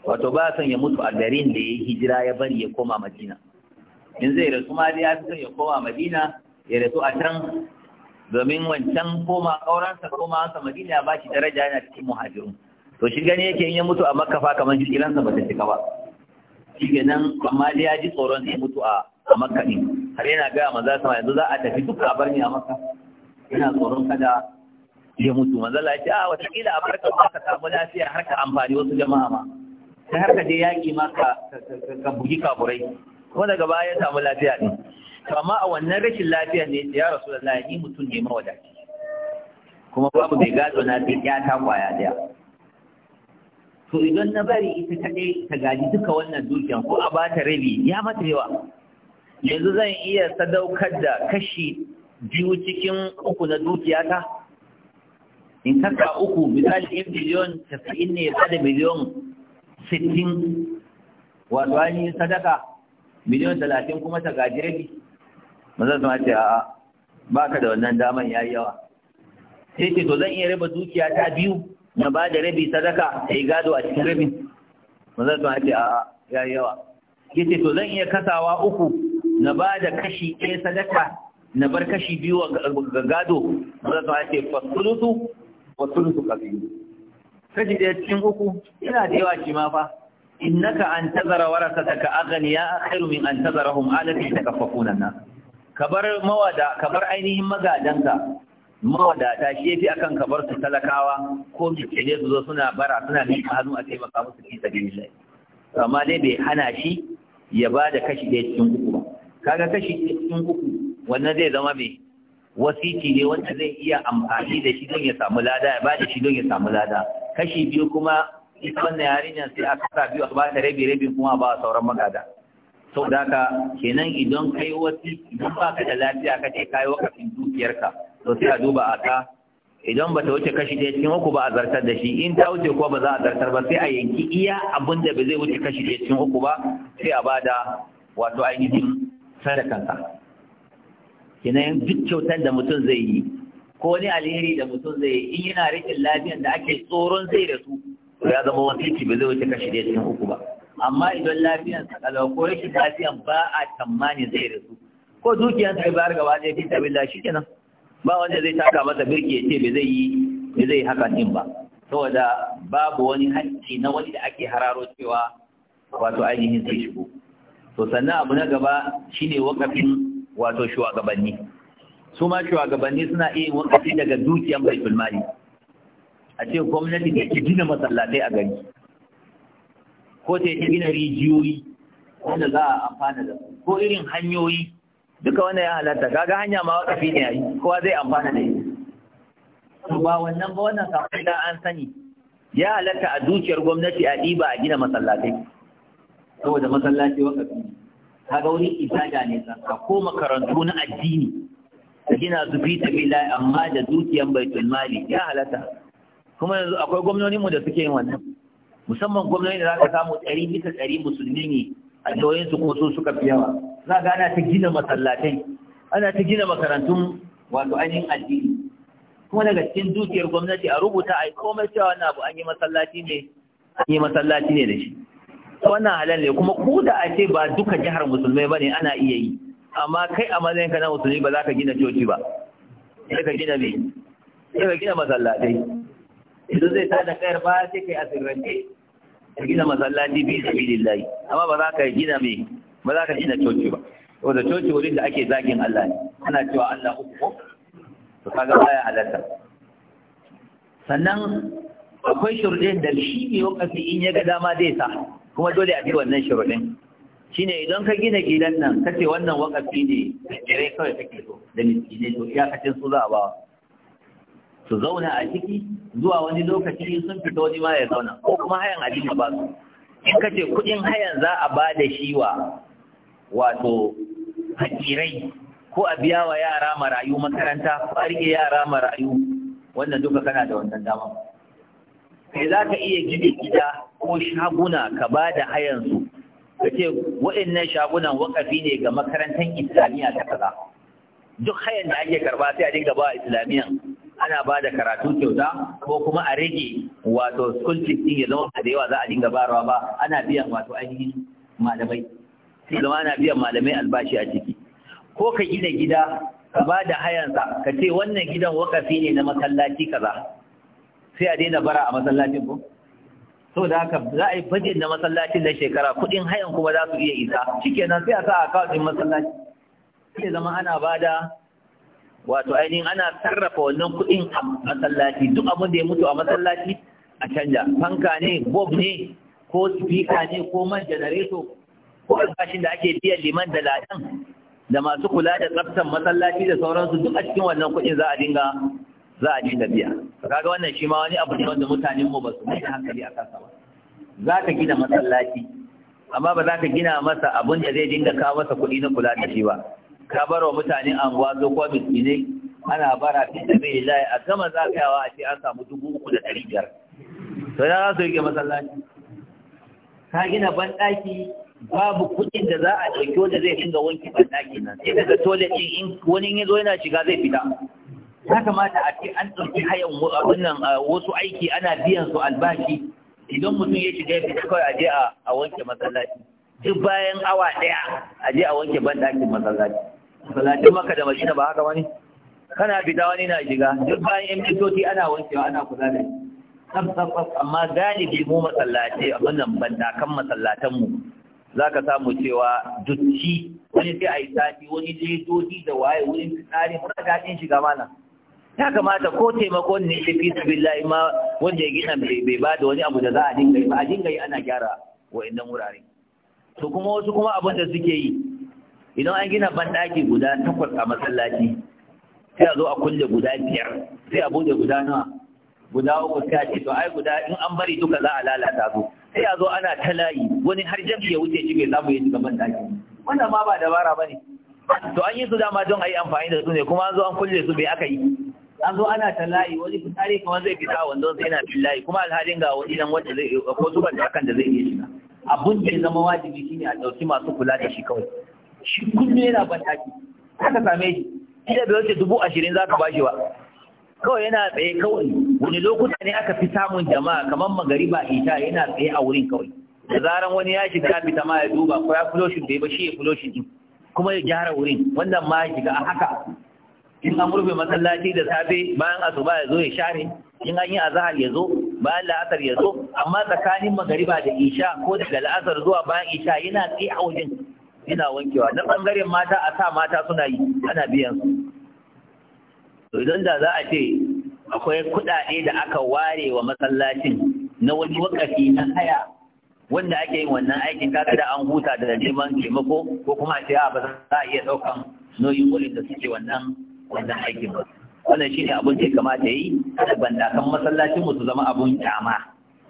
wato ba son ya mutu a garin da ya yi hijira ya bari ya koma madina in zai rasu ma dai ya fi son ya koma madina ya rasu a can domin wancan koma ƙauransa koma sa madina ya shi daraja yana cikin muhajirun to shi gani yake in ya mutu a makka fa kamar shi kiransa ba ta cika ba shi kenan amma dai ya ji tsoron sai mutu a a makka ne har yana gaya maza sama yanzu za a tafi duka a bar ni a makka ina tsoron kada ya mutu manzala ya ce a ah, watakila a barka ma ka samu lafiya har ka amfani wasu jama'a ma ta har ka je yaƙi ma ka bugi kaburai ko daga baya ya samu lafiya ne to amma a wannan rashin lafiya ne ya rasulullahi ni mutum ne mawadaci kuma babu mai gado na sai ya ta kwaya daya to idan na bari ita kadai ta gaji duka wannan dukiyan ko a bata rabi ya mata yawa yanzu zan iya sadaukar da kashi biyu cikin uku na dukiyata in ka sa uku misali in miliyon tafi'in ne ba da miliyon sittin wato ainihin sadaka miliyon talatin kuma ta gaji rabi mazan zama ce a'a ba ka da wannan daman ya yi yawa sai ce to zan iya raba dukiya ta biyu na ba da rabi sadaka ta yi gado a cikin rabin mazan zama ce a'a ya yi yawa ya ce to zan iya kasawa uku na ba da kashi ɗaya sadaka na bar kashi biyu ga gado mazan zama ce fasulutu wa sulusu qabil kashi da cikin uku yana da yawa shi ma fa innaka agani tazara warasataka aghniya khairu min an tazarahum alati takaffafuna nas kabar mawada kabar ainihin magadanka mawadata shi yafi akan kabar su talakawa ko mutane su zo suna bara suna miƙa hannu a taimaka musu fi sabilillah amma dai bai hana shi ya ba da kashi ɗaya cikin uku ba kaga kashi ɗaya cikin uku wannan zai zama mai wasiki ne wanda zai iya amfani da shi don ya samu lada ya bada shi don ya samu lada kashi biyu kuma ita wannan yarinyar sai a sa biyu a bata rabi rabi kuma ba sauran magada sau da haka kenan idan kai wasi idan ba ka da lafiya ka ce kayi wakafin dukiyarka to sai a duba a ka idan ba ta wuce kashi ɗaya cikin uku ba a zartar da shi in ta wuce kuwa ba za a zartar ba sai a yanki iya abin da ba zai wuce kashi ɗaya cikin uku ba sai a bada wato ainihin sadakanka Yanayin duk kyautar da mutum zai yi ko ni alheri da mutum zai yi in yana rikin lafiyan da ake tsoron zai da su ya zama wasiki ba zai wuce kashi da cikin uku ba amma idan lafiyan sa kalau ko rashin lafiyan ba a tamani zai da su ko dukiyan sa ba gaba zai fi shi kenan. ba wanda zai taka masa birki ya ce ba zai yi ba zai hakan din ba saboda babu wani hakki na wani da ake hararo cewa wato ainihin sai shigo to sannan abu na gaba shine wakafin wato shugabanni su ma shugabanni suna iya wakafi daga dukiyan baitul mali a ce gwamnati da ke gina masallatai a gari ko ta yi gina rijiyoyi wanda za a amfana da su ko irin hanyoyi duka wanda ya halatta kaga hanya ma wakafi ne yayi kowa zai amfana da ita ba wannan ba wannan kafin da an sani ya halatta a dukiyar gwamnati a ɗiba a gina masallatai saboda masallaci wakafi ne kaga wani ibada ne tsaka ko makarantu na addini ka gina su fi sabilillah amma da dukiyan baitul mali ya halata kuma yanzu akwai gwamnonin mu da suke yin wannan musamman gwamnoni da zaka samu ɗari bisa ɗari musulmi ne a jihohin su kuma su suka fi yawa za ga ana ta gina masallatai ana ta gina makarantun wato ainihin addini kuma daga cikin dukiyar gwamnati a rubuta a komai cewa wannan abu an yi masallaci ne an yi masallaci ne da shi wannan halal ne kuma ko da a ce ba duka jihar musulmai ba ne ana iya yi amma kai a matsayin ka na musulmi ba za ka gina coci ba sai ka gina me sai ka gina masallatai idan zai tada kayar ba sai kai asirrace ka gina masallaci bi sabilillahi amma ba za ka gina me ba za ka gina coci ba Wanda coci wurin da ake zagin Allah ne ana cewa Allah uku to kaga baya halatta sannan akwai shurdin da shi ne wakafi in ya ga dama zai sa kuma dole a bi wannan Shi shine idan ka gina gidan nan kace wannan wakafi ne kire kawai kake so da ne to iyakacin su za a ba su zauna a ciki zuwa wani lokaci sun fito wani ma ya zauna ko kuma hayan a jini ba su in kace kuɗin hayan za a ba da shi wa wato hakirai ko a biya wa yara marayu makaranta ko a rike yara marayu wannan duka kana da wannan dama sai za ka iya gina gida ko shaguna ka ba da hayansu ka ce waɗannan shagunan wakafi ne ga makarantar islamiyya ta kaza duk hayan da ake karba sai a dinga ba islamiyya ana ba da karatu kyauta ko kuma a rage wato school fees din ya zama da yawa za a dinga barawa ba ana biyan wato ainihin malamai sai zama ana biyan malamai albashi a ciki ko ka gina gida ka ba da hayansa ka ce wannan gidan wakafi ne na masallaci kaza sai a daina bara a masallacin ko so da haka za a yi budget na masallacin na shekara kudin hayan kuma za su iya isa shikenan sai a sa account din masallaci sai zama ana bada wato ainihin ana sarrafa wannan kudin a masallaci duk abin da ya mutu a masallaci a canja fanka ne bob ne ko speaker ne ko man janareto, ko albashin da ake biyan liman da ladan da masu kula da tsaftar masallaci da sauransu duk a cikin wannan kuɗin za a dinga za a daina biya kaga wannan shi ma wani abu ne wanda mutanen mu ba su mai hankali a kansa ba za ka gina masallaci amma ba za ka gina masa abun da zai dinga kawo masa kuɗi na kula da shi ba ka bar wa mutane anguwa zo ko miskine ana bara fi sabilillahi a gama yawa a ce an samu dubu uku da ɗari biyar to ya za su yi masallaci ka gina banɗaki babu kuɗin da za a ɗauki wanda zai dinga wanke banɗaki nan sai daga tole in wani in ya zo yana shiga zai fita ya kamata a ce an ɗauki hayan wannan wasu aiki ana biyan su albashi idan mutum ya shiga ya fita kawai a je a wanke masallaci duk bayan awa ɗaya a je a wanke banɗakin masallaci masallacin maka da mashina ba haka wani kana fita wani na shiga duk bayan yan mintoci ana wankewa ana kula da shi tsaf amma galibi mu masallaci wannan nan bandakan masallatanmu za ka samu cewa dutti wani sai a yi sati wani ledoji da waye wurin tsari, ba daɗin shiga mana ya kamata ko taimako ne shi fi su billahi ma wanda ya gina bai ba da wani abu da za a dinga yi ba a dinga yi ana gyara wa inda wurare to kuma wasu kuma abin da suke yi idan an gina banɗaki guda takwas a masallaci sai a zo a kulle guda biyar sai a bude guda nawa guda uku sai a ce to ai guda in an bari duka za a lalata su sai a zo ana ta layi wani har jami ya wuce shi bai mu yi shiga banɗaki wannan ma ba dabara ba ne to an yi su dama don a yi amfani da su ne kuma an zo an kulle su bai aka yi an zo ana ta layi wani fitari kamar zai fita wanda sai yana bin layi kuma alhalin ga wani nan wanda zai ko zubar da hakan da zai iya shiga abun da ya zama wajibi shine a ɗauki masu kula da shi kawai shi kullum yana ban taki haka same shi ina bai wuce dubu ashirin za ka ba shi ba kawai yana tsaye kawai wani lokuta ne aka fi samun jama'a kamar magariba ita yana tsaye a wurin kawai da zaran wani ya shiga fita ma ya duba ko ya fulo shi bai ba shi ya fulo shi kuma ya gyara wurin wannan ma ya shiga a haka in an rufe masallaci da safe bayan asuba ya zo ya share in an yi azahar ya zo bayan la'asar ya zo amma tsakanin magariba da isha ko daga la'asar zuwa bayan isha yana tsaye a wajen yana wankewa na bangaren mata a sa mata suna yi ana biyan su to idan da za a ce akwai kuɗaɗe da aka ware wa masallacin na wani wakafi na haya wanda ake yin wannan aikin kaga da an huta da neman taimako ko kuma a ce a ba za a iya ɗaukan nauyin wurin da suke wannan wannan aikin ba wannan shine abin da ya kamata yi kada kan masallacin mu su zama abun kyama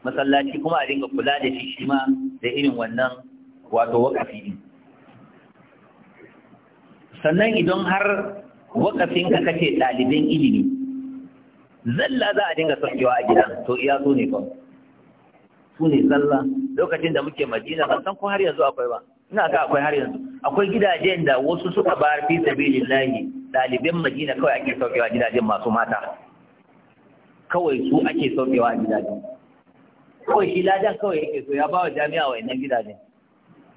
masallaci kuma a dinga kula da shi shi ma da irin wannan wato wakafi din sannan idan har wakafin ka kace ɗalibin ilimi zalla za a dinga saukewa a gidan, to iya so ne ba su ne zalla lokacin da muke madina ban san ko har yanzu akwai ba ina ga akwai har yanzu akwai gidajen da wasu suka bar fi sabilillahi ɗaliban madina kawai ake saukewa gidajen masu mata kawai su ake saukewa gidajen kawai shi ladan kawai yake so ya ba wa jami'a wa innan gidajen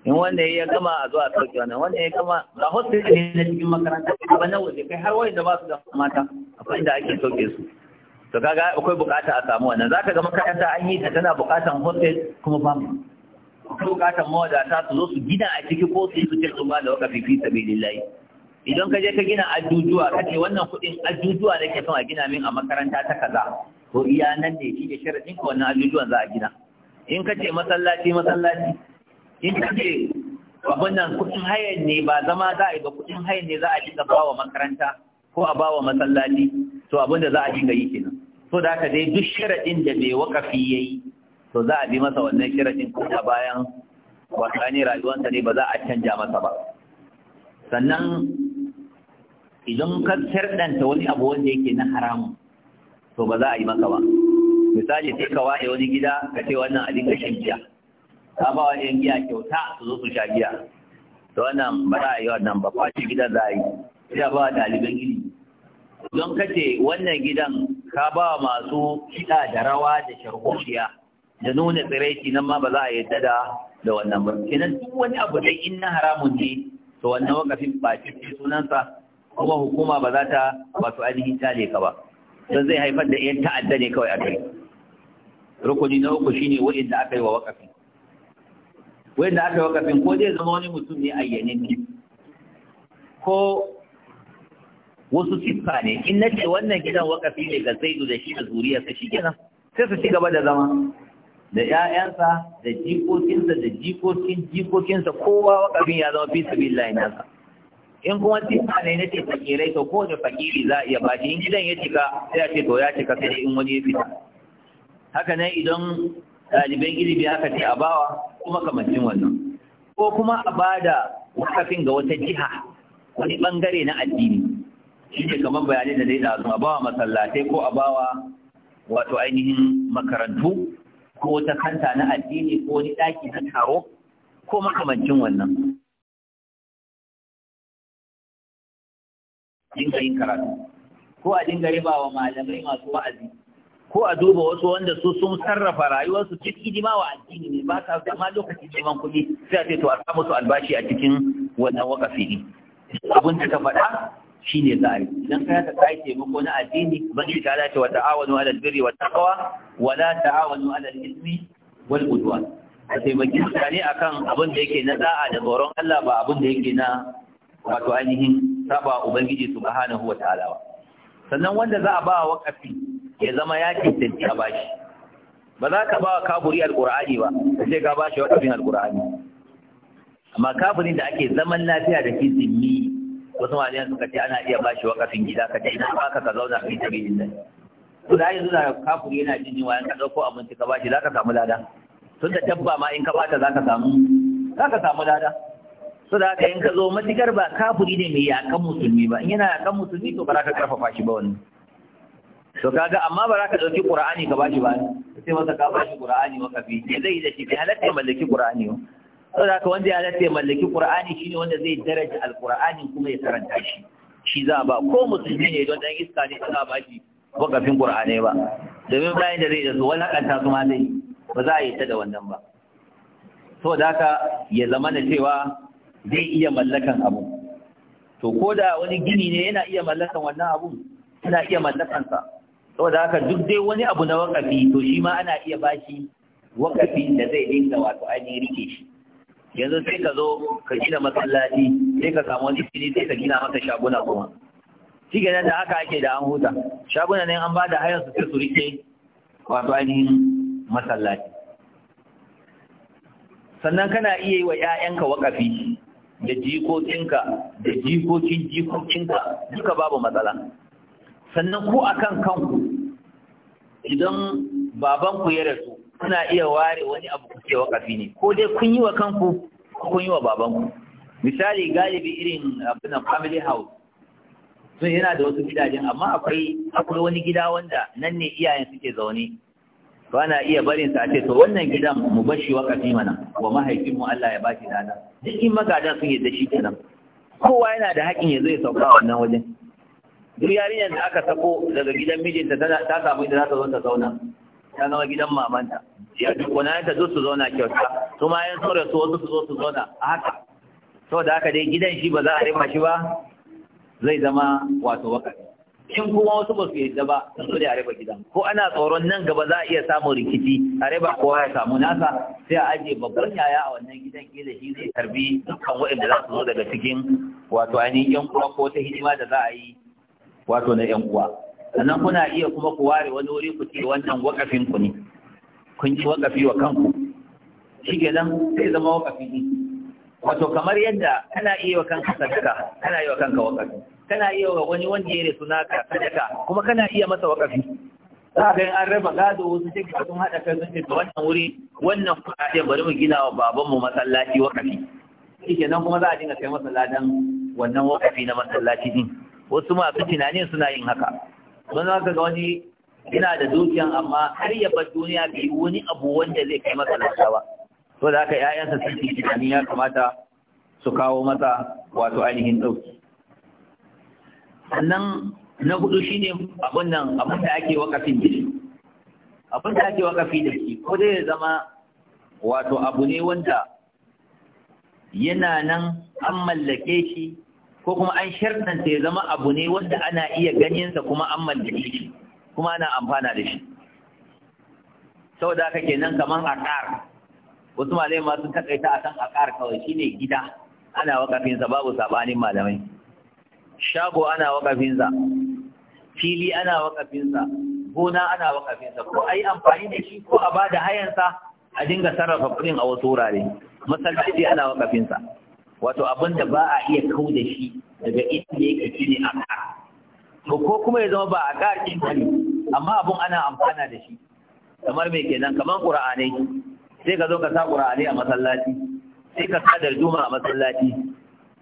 in wanda ya gama a zuwa sauke wannan wanda ya gama ba hostel ne na cikin makaranta ba na waje kai har wanda ba su da mata akwai inda ake sauke su to kaga akwai bukata a samu wannan zaka ga makaranta an yi ta tana bukatan hostel kuma ba mu akwai bukatar mawadata su zo su gina a ciki ko su yi su cikin ba da wakafi fi lillahi. idan ka je ka gina ajujuwa ka ce wannan kuɗin ajujuwa da ke son a gina min a makaranta ta kaza Ko iya nan ne shi ne sharaɗin ka wannan ajujuwan za a gina in ka ce masallaci masallaci in ka ce abin nan kuɗin hayan ne ba zama za a yi ba kuɗin hayan ne za a dinga ba wa makaranta ko a ba wa masallaci to abin da za a dinga yi kenan to da haka dai duk sharaɗin da mai wakafi ya yi to za a bi masa wannan shirin ko kuma bayan wasani rayuwarsa ne ba za a canja masa ba sannan idan ka sharɗanta wani abu wanda yake na haramu to ba za a yi maka ba misali sai ka waye wani gida ka ce wannan a dinga shan giya ka ba wa yan giya kyauta su zo su sha giya to wannan ba za a yi wannan ba kwace gidan za a yi sai ba ɗaliban ilimi don kace wannan gidan ka ba masu kiɗa da rawa da sharholiya da nuna tsiraici, nan ma ba za a yadda da da wannan ba kenan duk wani abu dai in na haramun ne to wannan wakafin ba ce sunansa kuma hukuma ba za ta su ainihin tale ka ba don zai haifar da yan ta'adda ne kawai a kai rukuni na uku shine wa'in da aka yi wa wakafi. wa'in da aka yi wakafin ko zai zama wani mutum ne ayyane ne ko wasu siffa ne in na ce wannan gidan wakafi ne ga zaidu da shi da zuriya sai shi kenan sai su ci gaba da zama da ƴaƴansa da jikokinsa da jikokin jikokinsa kowa wakafin ya zama fisa sabilillahi nasa in kuma tifa ne na ce fakirai to da fakiri za a iya ba in gidan ya cika sai a ce to ya cika sai in wani ya fita haka nan idan ɗaliban ilimi aka ce a bawa kuma kamancin wannan ko kuma a ba da wakafin ga wata jiha wani bangare na addini shi ne kamar bayanai da zai da a bawa masallatai ko a bawa wato ainihin makarantu ko ta kanta na addini ko wani ɗaki na taro ko makamancin wannan dinga yin karatu ko a dinga riba wa malamai masu wa'azi ko a duba wasu wanda su sun sarrafa rayuwarsu cikin hidima wa addini ne ba sa zama lokacin neman kuɗi sai a ce to a samu su albashi a cikin wannan wakafi ne abin da ka faɗa shi ne za a yi idan ka yata kai taimako na addini ubangiji ta dace wata ta'awanu alal birri wata kawa wa la ta'awanu alal ismi wal udwan a taimaki mutane kan abin da yake na da'a da tsoron Allah ba abin da yake na wato ainihin saba ubangiji subhanahu wa ta'ala ba sannan wanda za a ba wa wakafi ya zama ya cancanci a bashi ba za ka ba wa kaburi alqur'ani ba sai ka bashi wakafin alqur'ani amma kafirin da ake zaman lafiya da shi zimmi wasu waliyan suka ce ana iya bashi wakafin gida ka ce ina baka ka zauna fi sabilillah to da yanzu da kafuri yana jin yunwa in ka dauko abinci ka bashi zaka samu lada tun da dabba ma in ka bata zaka samu zaka samu lada Su da haka in ka zo matikar ba kafuri ne mai yakan musulmi ba in yana yakan musulmi to ba za ka karfafa shi ba wannan to kaga amma ba za ka dauki qur'ani ka bashi ba sai masa ka bashi qur'ani wakafi zai yi da shi bai halatta mallaki qur'ani ba saboda haka wanda ya halatta ya mallaki qur'ani shine wanda zai daraja alqur'ani kuma ya karanta shi shi za ba ko musulmi ne don dan iska ne za ba shi wakafin qur'ani ba domin bayan da zai da su wani kanta ta ma zai ba za a yi ta da wannan ba saboda haka ya zama da cewa zai iya mallakan abu to ko da wani gini ne yana iya mallakan wannan abun yana iya mallakansa saboda haka duk dai wani abu na wakafi to shi ma ana iya bashi wakafi da zai dinga wato ainihin rike shi yanzu sai ka zo ka gina masallaci sai ka samu wani fili sai ka gina maka shaguna kuma shi kenan da haka ake da an huta shaguna ne an ba da hayan su su rike wato ainihin masallaci sannan kana iya yi wa 'ya'yanka wakafi da jikokinka da jikokin jikokinka duka babu matsala sannan ku kan kanku idan babanku ya rasu kuna iya ware wani abu ku ce wakafi ne ko dai kun yi wa kanku ko kun yi wa babanku misali galibi irin abin family house sun yana da wasu gidajen amma akwai akwai wani gida wanda nan ne iyayen suke zaune ba na iya barin sa ce to wannan gidan mu bar shi wakafi mana wa mahaifin mu Allah ya ba shi dana duk in magadan sun yadda shi kenan kowa yana da haƙin ya zai sauka wannan wajen duk yarinyar da aka sako daga gidan mijinta ta samu inda za ta zo ta zauna ta zama gidan mamanta ya duk wani ta zo su zauna kyauta su ma yan tsoro su wasu su zo su zauna a haka saboda haka dai gidan shi ba za a rima shi ba zai zama wato wakati in kuma wasu ba su yadda ba sun zo da a rima gidan ko ana tsoron nan gaba za a iya samun rikici a rima kowa ya samu nasa sai a ajiye babban yaya a wannan gidan kila shi zai tarbi dukkan waɗanda za su zo daga cikin wato ainihin yan uwa ko ta hidima da za a yi wato na yan uwa sannan kuna iya kuma ku ware wani wuri ku ce wannan wakafin ku ne kun ci wakafi wa kanku shi nan sai zama wakafi ne wato kamar yadda kana iya wa kanka sadaka kana iya wa kanka wakafi kana iya wa wani wanda ya rasu naka sadaka kuma kana iya masa wakafi za ka an raba gado wasu ka sun haɗa kai sun ce wannan wuri wannan kuɗaɗe bari mu gina wa babanmu masallaci wakafi shi nan kuma za a dinga kai masa ladan wannan wakafi na masallaci din wasu masu tunanin suna yin haka don za ka ga wani yana da dukiyan amma har ya bar duniya bai wani abu wanda zai kai masa lafiya ba to da haka ƴaƴansa sun ci tunanin ya kamata su kawo masa wato ainihin ɗauki sannan na hudu shine abun nan abun da ake wakafin da shi abun da ake wakafi da shi ko dai ya zama wato abu ne wanda yana nan an mallake shi ko kuma an sharɗanta ya zama abu ne wanda ana iya ganinsa kuma an mallake shi kuma ana amfana da shi saboda haka kenan kaman aqar wasu malamai ma sun takaita akan aqar kawai shine gida ana wakafin sa babu sabanin malamai shago ana wakafin sa fili ana wakafin sa gona ana wakafin sa ko ayi amfani da shi ko a bada hayan sa a dinga sarrafa kudin a wasu wurare masallaci ana wakafin sa wato abin da ba a iya kau da shi daga inda ka shi ne aka to ko kuma ya zama ba a ƙarƙin ta ne amma abin ana amfana da shi kamar me kenan kamar ƙura'anai sai ka zo ka sa ƙura'anai a masallaci sai ka sa darduma a masallaci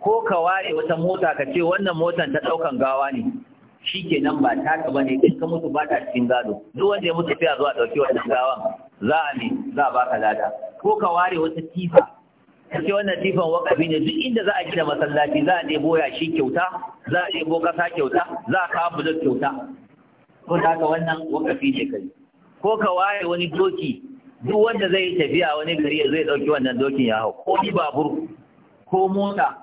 ko ka ware wata mota ka ce wannan motan ta ɗaukan gawa ne shi kenan ba taka bane in ka mutu ba ta cikin gado duk wanda ya mutu sai a zo a ɗauki wannan gawan za a ne za a baka lada ko ka ware wata tifa kace wannan tifan wakafi ne duk inda za a gina masallaci za a ɗebo yashi kyauta za a ɗebo ƙasa kyauta za a kawo bulon kyauta ko da ka wannan wakafi ne kai ko ka waye wani doki duk wanda zai yi tafiya wani gari zai ɗauki wannan dokin ya hau ko ni babur ko mota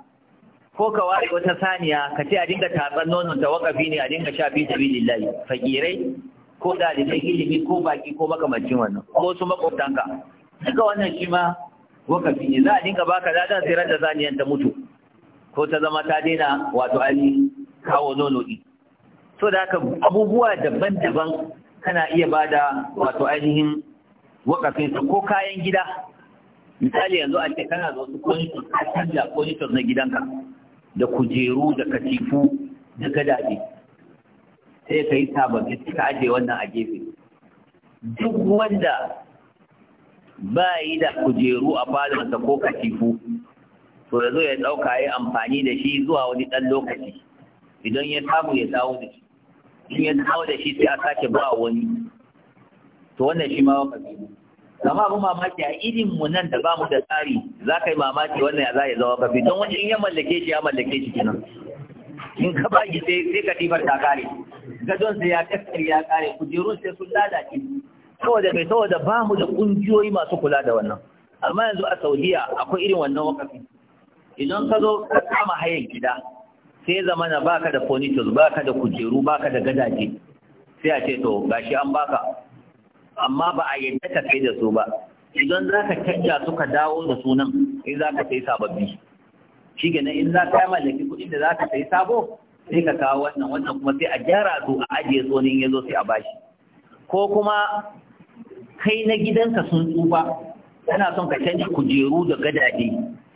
ko ka ware wata saniya ka ce a dinga tatsar nonon ta wakafi ne a dinga sha fi lillahi, fakirai ko ɗalibai, ilimi ko baki ko makamancin wannan ko su makwabtanka duka wannan shi ma wakafi ne za a dinga baka zaɗa sai rata da zaniyan ta mutu ko ta zama ta daina wato ainihin kawo nono ɗi. so da haka abubuwa daban-daban kana iya ba da wato ainihin wakafin su ko kayan gida misali yanzu a kana da wasu na gidanka da kujeru da katifu da gadaɗe sai ka yi sababbi suka ajiye wannan a gefe duk wanda ba yi da kujeru a fadansa ko katifu to ya zo ya ɗauka ya amfani da shi zuwa wani ɗan lokaci idan ya samu ya dawo da shi in ya dawo da shi sai a sake ba wani to wannan shi ma wakafi amma abin mamaki a irin mu nan da bamu da tsari za ka yi mamaki wannan ya za ya zama wakafi don wani in ya mallake shi ya mallake shi kenan in ka ba shi sai ka tifar ta kare gadon sai ya kaskari ya kare kujerun sai sun lalace saboda mai saboda ba mu da ƙungiyoyi masu kula da wannan amma yanzu a saudiya akwai irin wannan wakafi idan ka zo ka kama hayan gida sai zama na baka da ponytails baka da kujeru baka da gadaje sai a ce to gashi an baka amma ba a yadda ka kai da su ba idan za ka canja su ka dawo da sunan in za ka sai sababbi shi gane in za ka yi mallaki kuɗin da za ka sai sabo sai ka kawo wannan wannan kuma sai a gyara su a ajiye su wani ya zo sai a bashi ko kuma kai na gidanka sun tsufa kana son ka canji kujeru da gadaje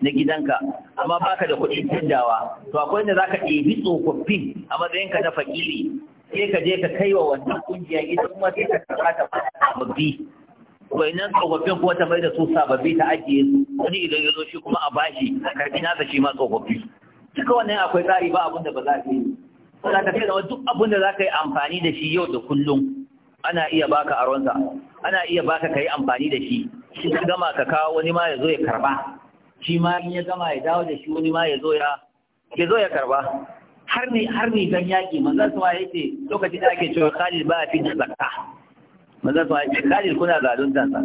na gidanka amma baka da kuɗin canjawa to akwai da zaka ɗebi tsofaffin a matsayinka na fakiri sai ka je ka kai wa wannan ƙungiyar gida kuma sai ka karɓa ta sababbi wayannan tsofaffin kuma ta mai da su sababbi ta ajiye su wani idan ya zo shi kuma a bashi a karɓi nasa shi ma tsofaffi duka wannan akwai tsari ba abin da ba za ka yi za ka sai da duk abin da za ka yi amfani da shi yau da kullum ana iya baka aronsa ana iya baka ka yi amfani da shi shi ka gama ka kawo wani ma ya zo ya karba shi ma in ya gama ya dawo da shi wani ma ya zo ya ya zo ya karba har ne har ne dan yaki manzo suwa yace lokacin da ake cewa Khalid ba fi da zakka manzo suwa yace Khalid kuna gadon tansa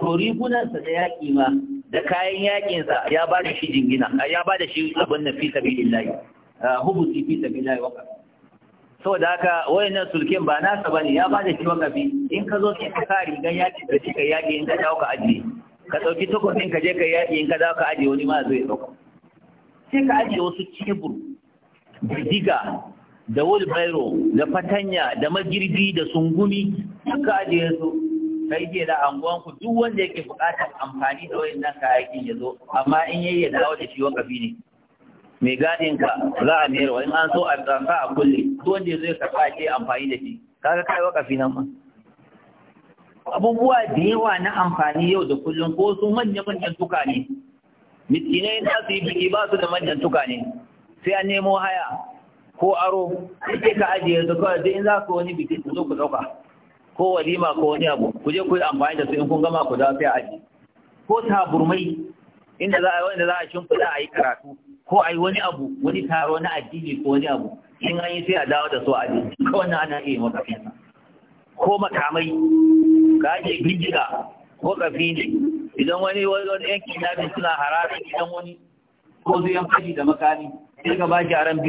to rigunan sa da yaki ma da kayan yakin sa ya ba da shi jingina ya ba da shi abun na fi sabilillah ah, hubuti fi sabilillah wa da haka wayannan sulkin ba nasa bane ya bada shi wakafi in ka zo sai ka rigan yaki da shi ka yaki in ka dawo ka aji. ka dauki takobin ka je ka yaki in ka dawo ka aji, wani ma zai dauka sai ka aji wasu cebur da diga da wulbairo da fatanya da magirbi da sungumi ka ajiye su kai ke da anguwan ku duk wanda yake buƙatar amfani da wayannan kayayyakin ya zo amma in yayi ya dawo da shi wakafi ne mai gadinka za a mayar wa in an so a tsansa a kulle duk wanda zai karɓa ce amfani da shi kaga kai wakafi nan ma abubuwa da yawa na amfani yau da kullum ko su manyan manyan tuka ne miskinai za su yi biki ba su da manyan tuka ne sai an nemo haya ko aro sai ka ajiye su kawai sai in za ku wani biki ku zo ku ɗauka ko walima ko wani abu ku je ku yi amfani da su in kun gama ku dawo sai a ajiye ko taburmai inda za a yi wanda za a shimfiɗa a yi karatu ko a yi wani abu wani taro na addini ko wani abu in an yi sai a dawo da su a addini ko wannan ana iya maka fesa. ko makamai ka ake bincika ko kafi ne idan wani wani yanki na bin suna hararin idan wani ko zuyan fadi da makami sai ka ba shi aran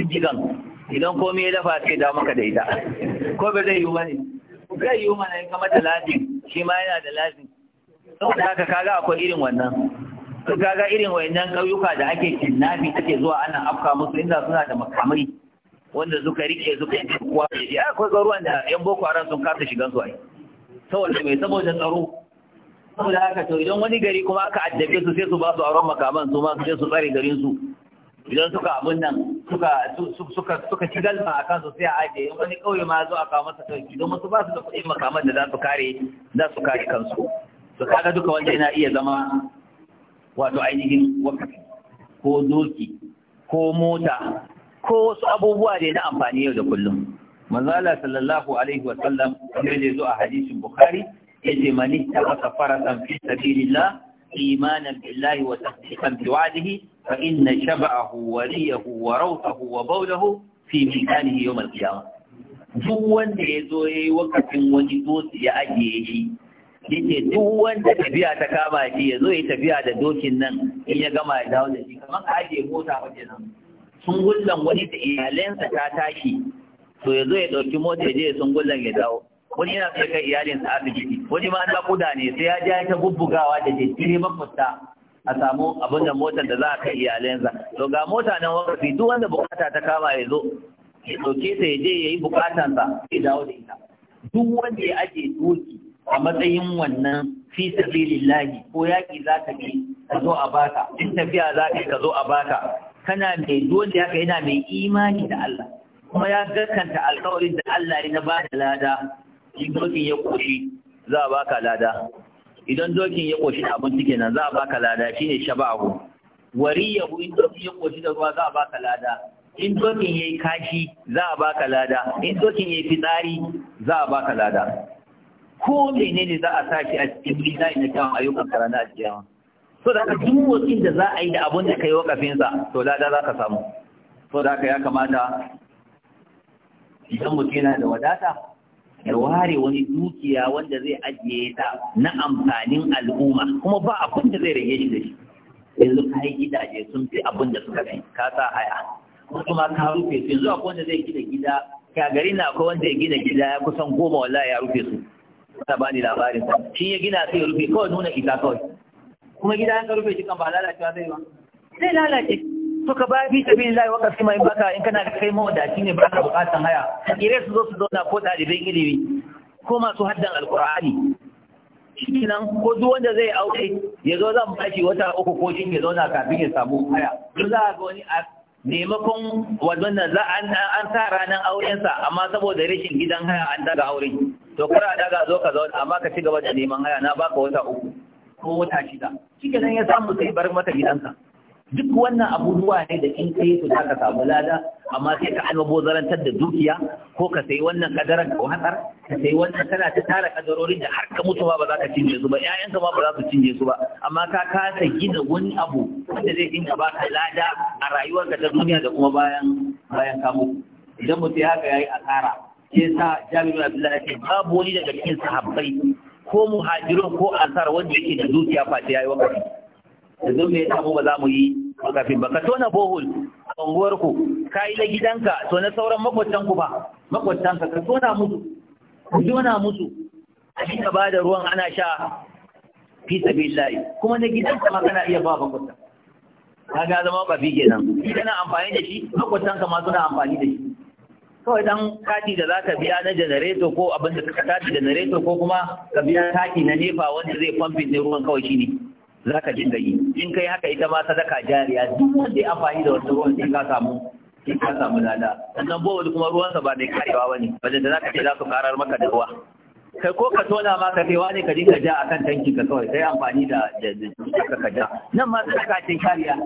idan komai ya dafa sai da maka da ita ko ba zai yi wani zai yi mana in kama da lazim shi ma yana da lazim saboda haka kaga akwai irin wannan ka gaga irin wayannan ƙauyuka da ake kinnafi take zuwa ana afka musu inda suna da makamai wanda suka rike suka yi kuwa da ya akwai garuwan da yan boko haram sun kasa shigan su ai saboda mai saboda tsaro saboda haka to idan wani gari kuma aka addabe su sai su ba su auren makaman su ma su je su tsare garin su idan suka abun nan suka suka suka ci galma a kansu sai a ajiye wani kauye ma zo a kawo masa kai idan su ba su da kuɗin makaman da za su kare za su kare kansu to kaga duka wanda yana iya zama wato ainihin wakafi ko doki ko mota ko wasu abubuwa ne na amfani yau da kullum manzala sallallahu alaihi wa sallam kamar da zuwa a hadisin bukhari yace man ittaqa faratan fi sabilillah imanan billahi wa tasdiqan bi wa'dihi fa inna shab'ahu wa riyahu wa rawtahu wa bawlahu fi mikanihi yawm al-qiyamah duk wanda ya zo yayi wakatin wani dosi ya ajiye shi yake duk wanda tafiya ta kama shi ya zo ya tafiya da dokin nan in ya gama ya dawo da shi kamar ka ajiye mota waje nan sun gullan wani da iyalinsa ta tashi to ya zo ya ɗauki mota ya je sun gullan ya dawo wani yana sai kai iyalinsa a asibiti wani ma na kuda ne sai ya ja ta bubbugawa da jiddiri mafusta a samu abin da motar da za a kai iyalinsa to ga mota nan wakafi duk wanda bukata ta kama ya zo ya ɗauke ta ya je ya yi bukatansa ya dawo da ita duk wanda ya ajiye doki a matsayin wannan fi sabilillahi ko yaki zaka yi ka zo a baka in tafiya zaka ka zo a baka kana mai dole haka yana mai imani da Allah kuma ya gaskanta alƙawarin da Allah ya na bada lada in dokin ya koshi za a baka lada idan dokin ya koshi da abinci kenan za a baka lada shine shaba'u wariyahu in dokin ya koshi da ruwa za a baka lada in dokin ya yi kashi za a baka lada in dokin ya yi fitsari za a baka lada ko ne za a sake a cikin mizani na kyawun ayyukan karana a cikin so da duk motsin da za a yi da abin da ka wa wakafinsa to lada za ka samu so da ya kamata idan mutum yana da wadata ya ware wani dukiya wanda zai ajiye ta na amfanin al'umma kuma ba abin da zai rage shi da shi yanzu ka yi gidaje sun fi abin da suka fi, ka sa haya kuma ka rufe su yanzu akwai wanda zai gina gida ka gari na akwai wanda ya gina gida ya kusan goma wallahi ya rufe su ta ni labarin sa shi ya gina sai ya rufe kawai nuna ita kawai kuma gida ka rufe shi kan ba lalacewa zai ba zai lalace to ka bayar ta bi lillahi waka sai mai baka in kana kai shi ne baka bukatan haya ire su zo su zauna ko ɗaliban ilimi ko masu haddan alkur'ani nan ko duk wanda zai aure ya zo zan bashi wata uku ko shi ya zauna kafin ya samu haya duk za ga wani a maimakon wannan za an sa ranar aurensa amma saboda rashin gidan haya an daga aure to kar a daga zo ka zauna amma ka ci gaba da neman haya na baka wata uku ko wata shida cikin nan ya samu sai bar mata gidanka duk wannan abubuwa ne da in kai su za ka samu lada amma sai ka bozarantar da dukiya ko ka sayi wannan kadarar ko hatsar ka sayi wannan tana ta tara kadarorin da har ka mutu ba za ka cinye su ba ƴaƴanka ma ba za su cinye su ba amma ka kasa gina wani abu wanda zai dinga baka lada a rayuwarka ta duniya da kuma bayan bayan idan mutu idan mutum haka yayi asara ke sa jami'in abdullahi ce babu wani daga cikin sahabbai ko muhajirun ko ansar wanda yake da zuciya face yayi wakafi da zo yasa tabo ba za mu yi wakafin ba ka tona bohol a unguwar ku kai na gidanka to na sauran makwatan ku ba makwatan ka ka tona musu ku tona musu a dinga ba da ruwan ana sha fi sabilillah kuma na gidanka ma kana iya ba makwatan kaga zama wakafi kenan kana amfani da shi makwatan ka ma suna amfani da shi kawai dan kati da zaka biya na janareto ko abin da ka kati janareto ko kuma ka biya taki na nefa wanda zai famfin ne ruwan kawai shine zaka dinga yi in kai haka ita ma sadaka jariya duk wanda ya amfani da wannan ruwan sai ka samu sai ka samu lada sannan bawul kuma ruwansa ba mai karewa bane wanda da zaka ce za su karar maka da ruwa kai ko ka tona ma ka kaiwa ne ka dinga ja akan tanki ka kawai sai amfani da da ka ja nan ma sadaka ce kariya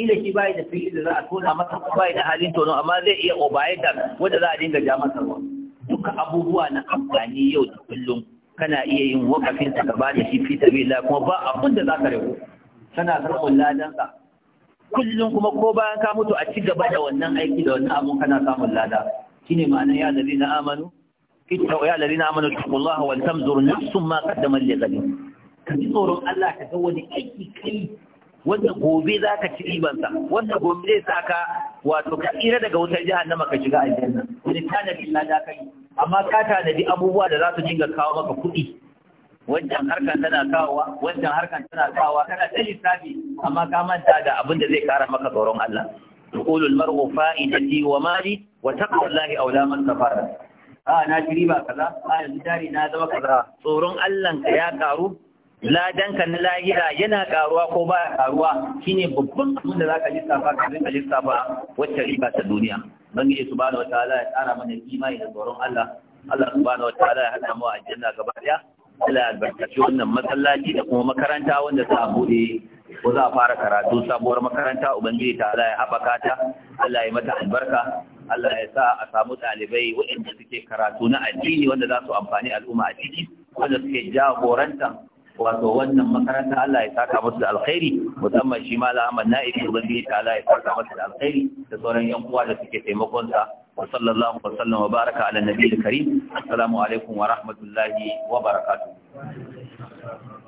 kila shi bai da fili da za a tona masa ko bai da halin tono amma zai iya obaye obayatar wanda za a dinga ja masa ruwa duka abubuwa na amfani yau da kullum kana iya yin wakafin ta gaba da shi fi sabila kuma ba abun da za ka rabu kana karɓar ka? kullum kuma ko bayan ka mutu a ci gaba da wannan aiki da wannan abun kana samun lada shine ma'ana ya ladina amanu ittaqu ya ladina amanu taqullaha wal tanzur nafsum ma qaddamat li ghadin ka ji tsoron Allah ka ga wani aiki kai wanda gobe za ka ci ribansa wanda gobe zai sa ka wato ka tsira daga wutar jahannama ka shiga aljanna wani tanadi da kai amma ka tanadi abubuwa da za su dinga kawo maka kuɗi wancan harkan tana kawowa wancan harkan tana kawowa kana ta lissafi amma ka manta da abin da zai kara maka tsoron Allah wa mali. يقول المرء فائدتي ومالي وتقوى الله أولى من تفرد آه ناجري بقى كذا na zama نادوا Tsoron Allah ka ya karu. ladanka na lahira yana karuwa ko ba karuwa shi ne babban abin da za ka lissafa kafin ka lissafa wacce riba ta duniya bada wata ala ya tsara mana imani da tsoron Allah Allah wata ala ya hada mu a aljanna gaba daya Allah ya albarkaci wannan masallaci da kuma makaranta wanda za a bude ko za a fara karatu sabuwar makaranta ubangiji ta Allah ya haɓaka ta Allah ya mata albarka Allah ya sa a samu ɗalibai waɗanda suke karatu na addini wanda za su amfani al'umma a ciki wanda suke jagoranta wato wannan makaranta Allah ya saka masu da alkhairi musamman shi malam Ahmad na'ibi ubangiji ta Allah ya saka masu da alkhairi da sauran yan uwa da suke taimakon sa wa sallallahu wa sallam wa baraka ala nabiyil karim assalamu alaikum wa rahmatullahi wa barakatuh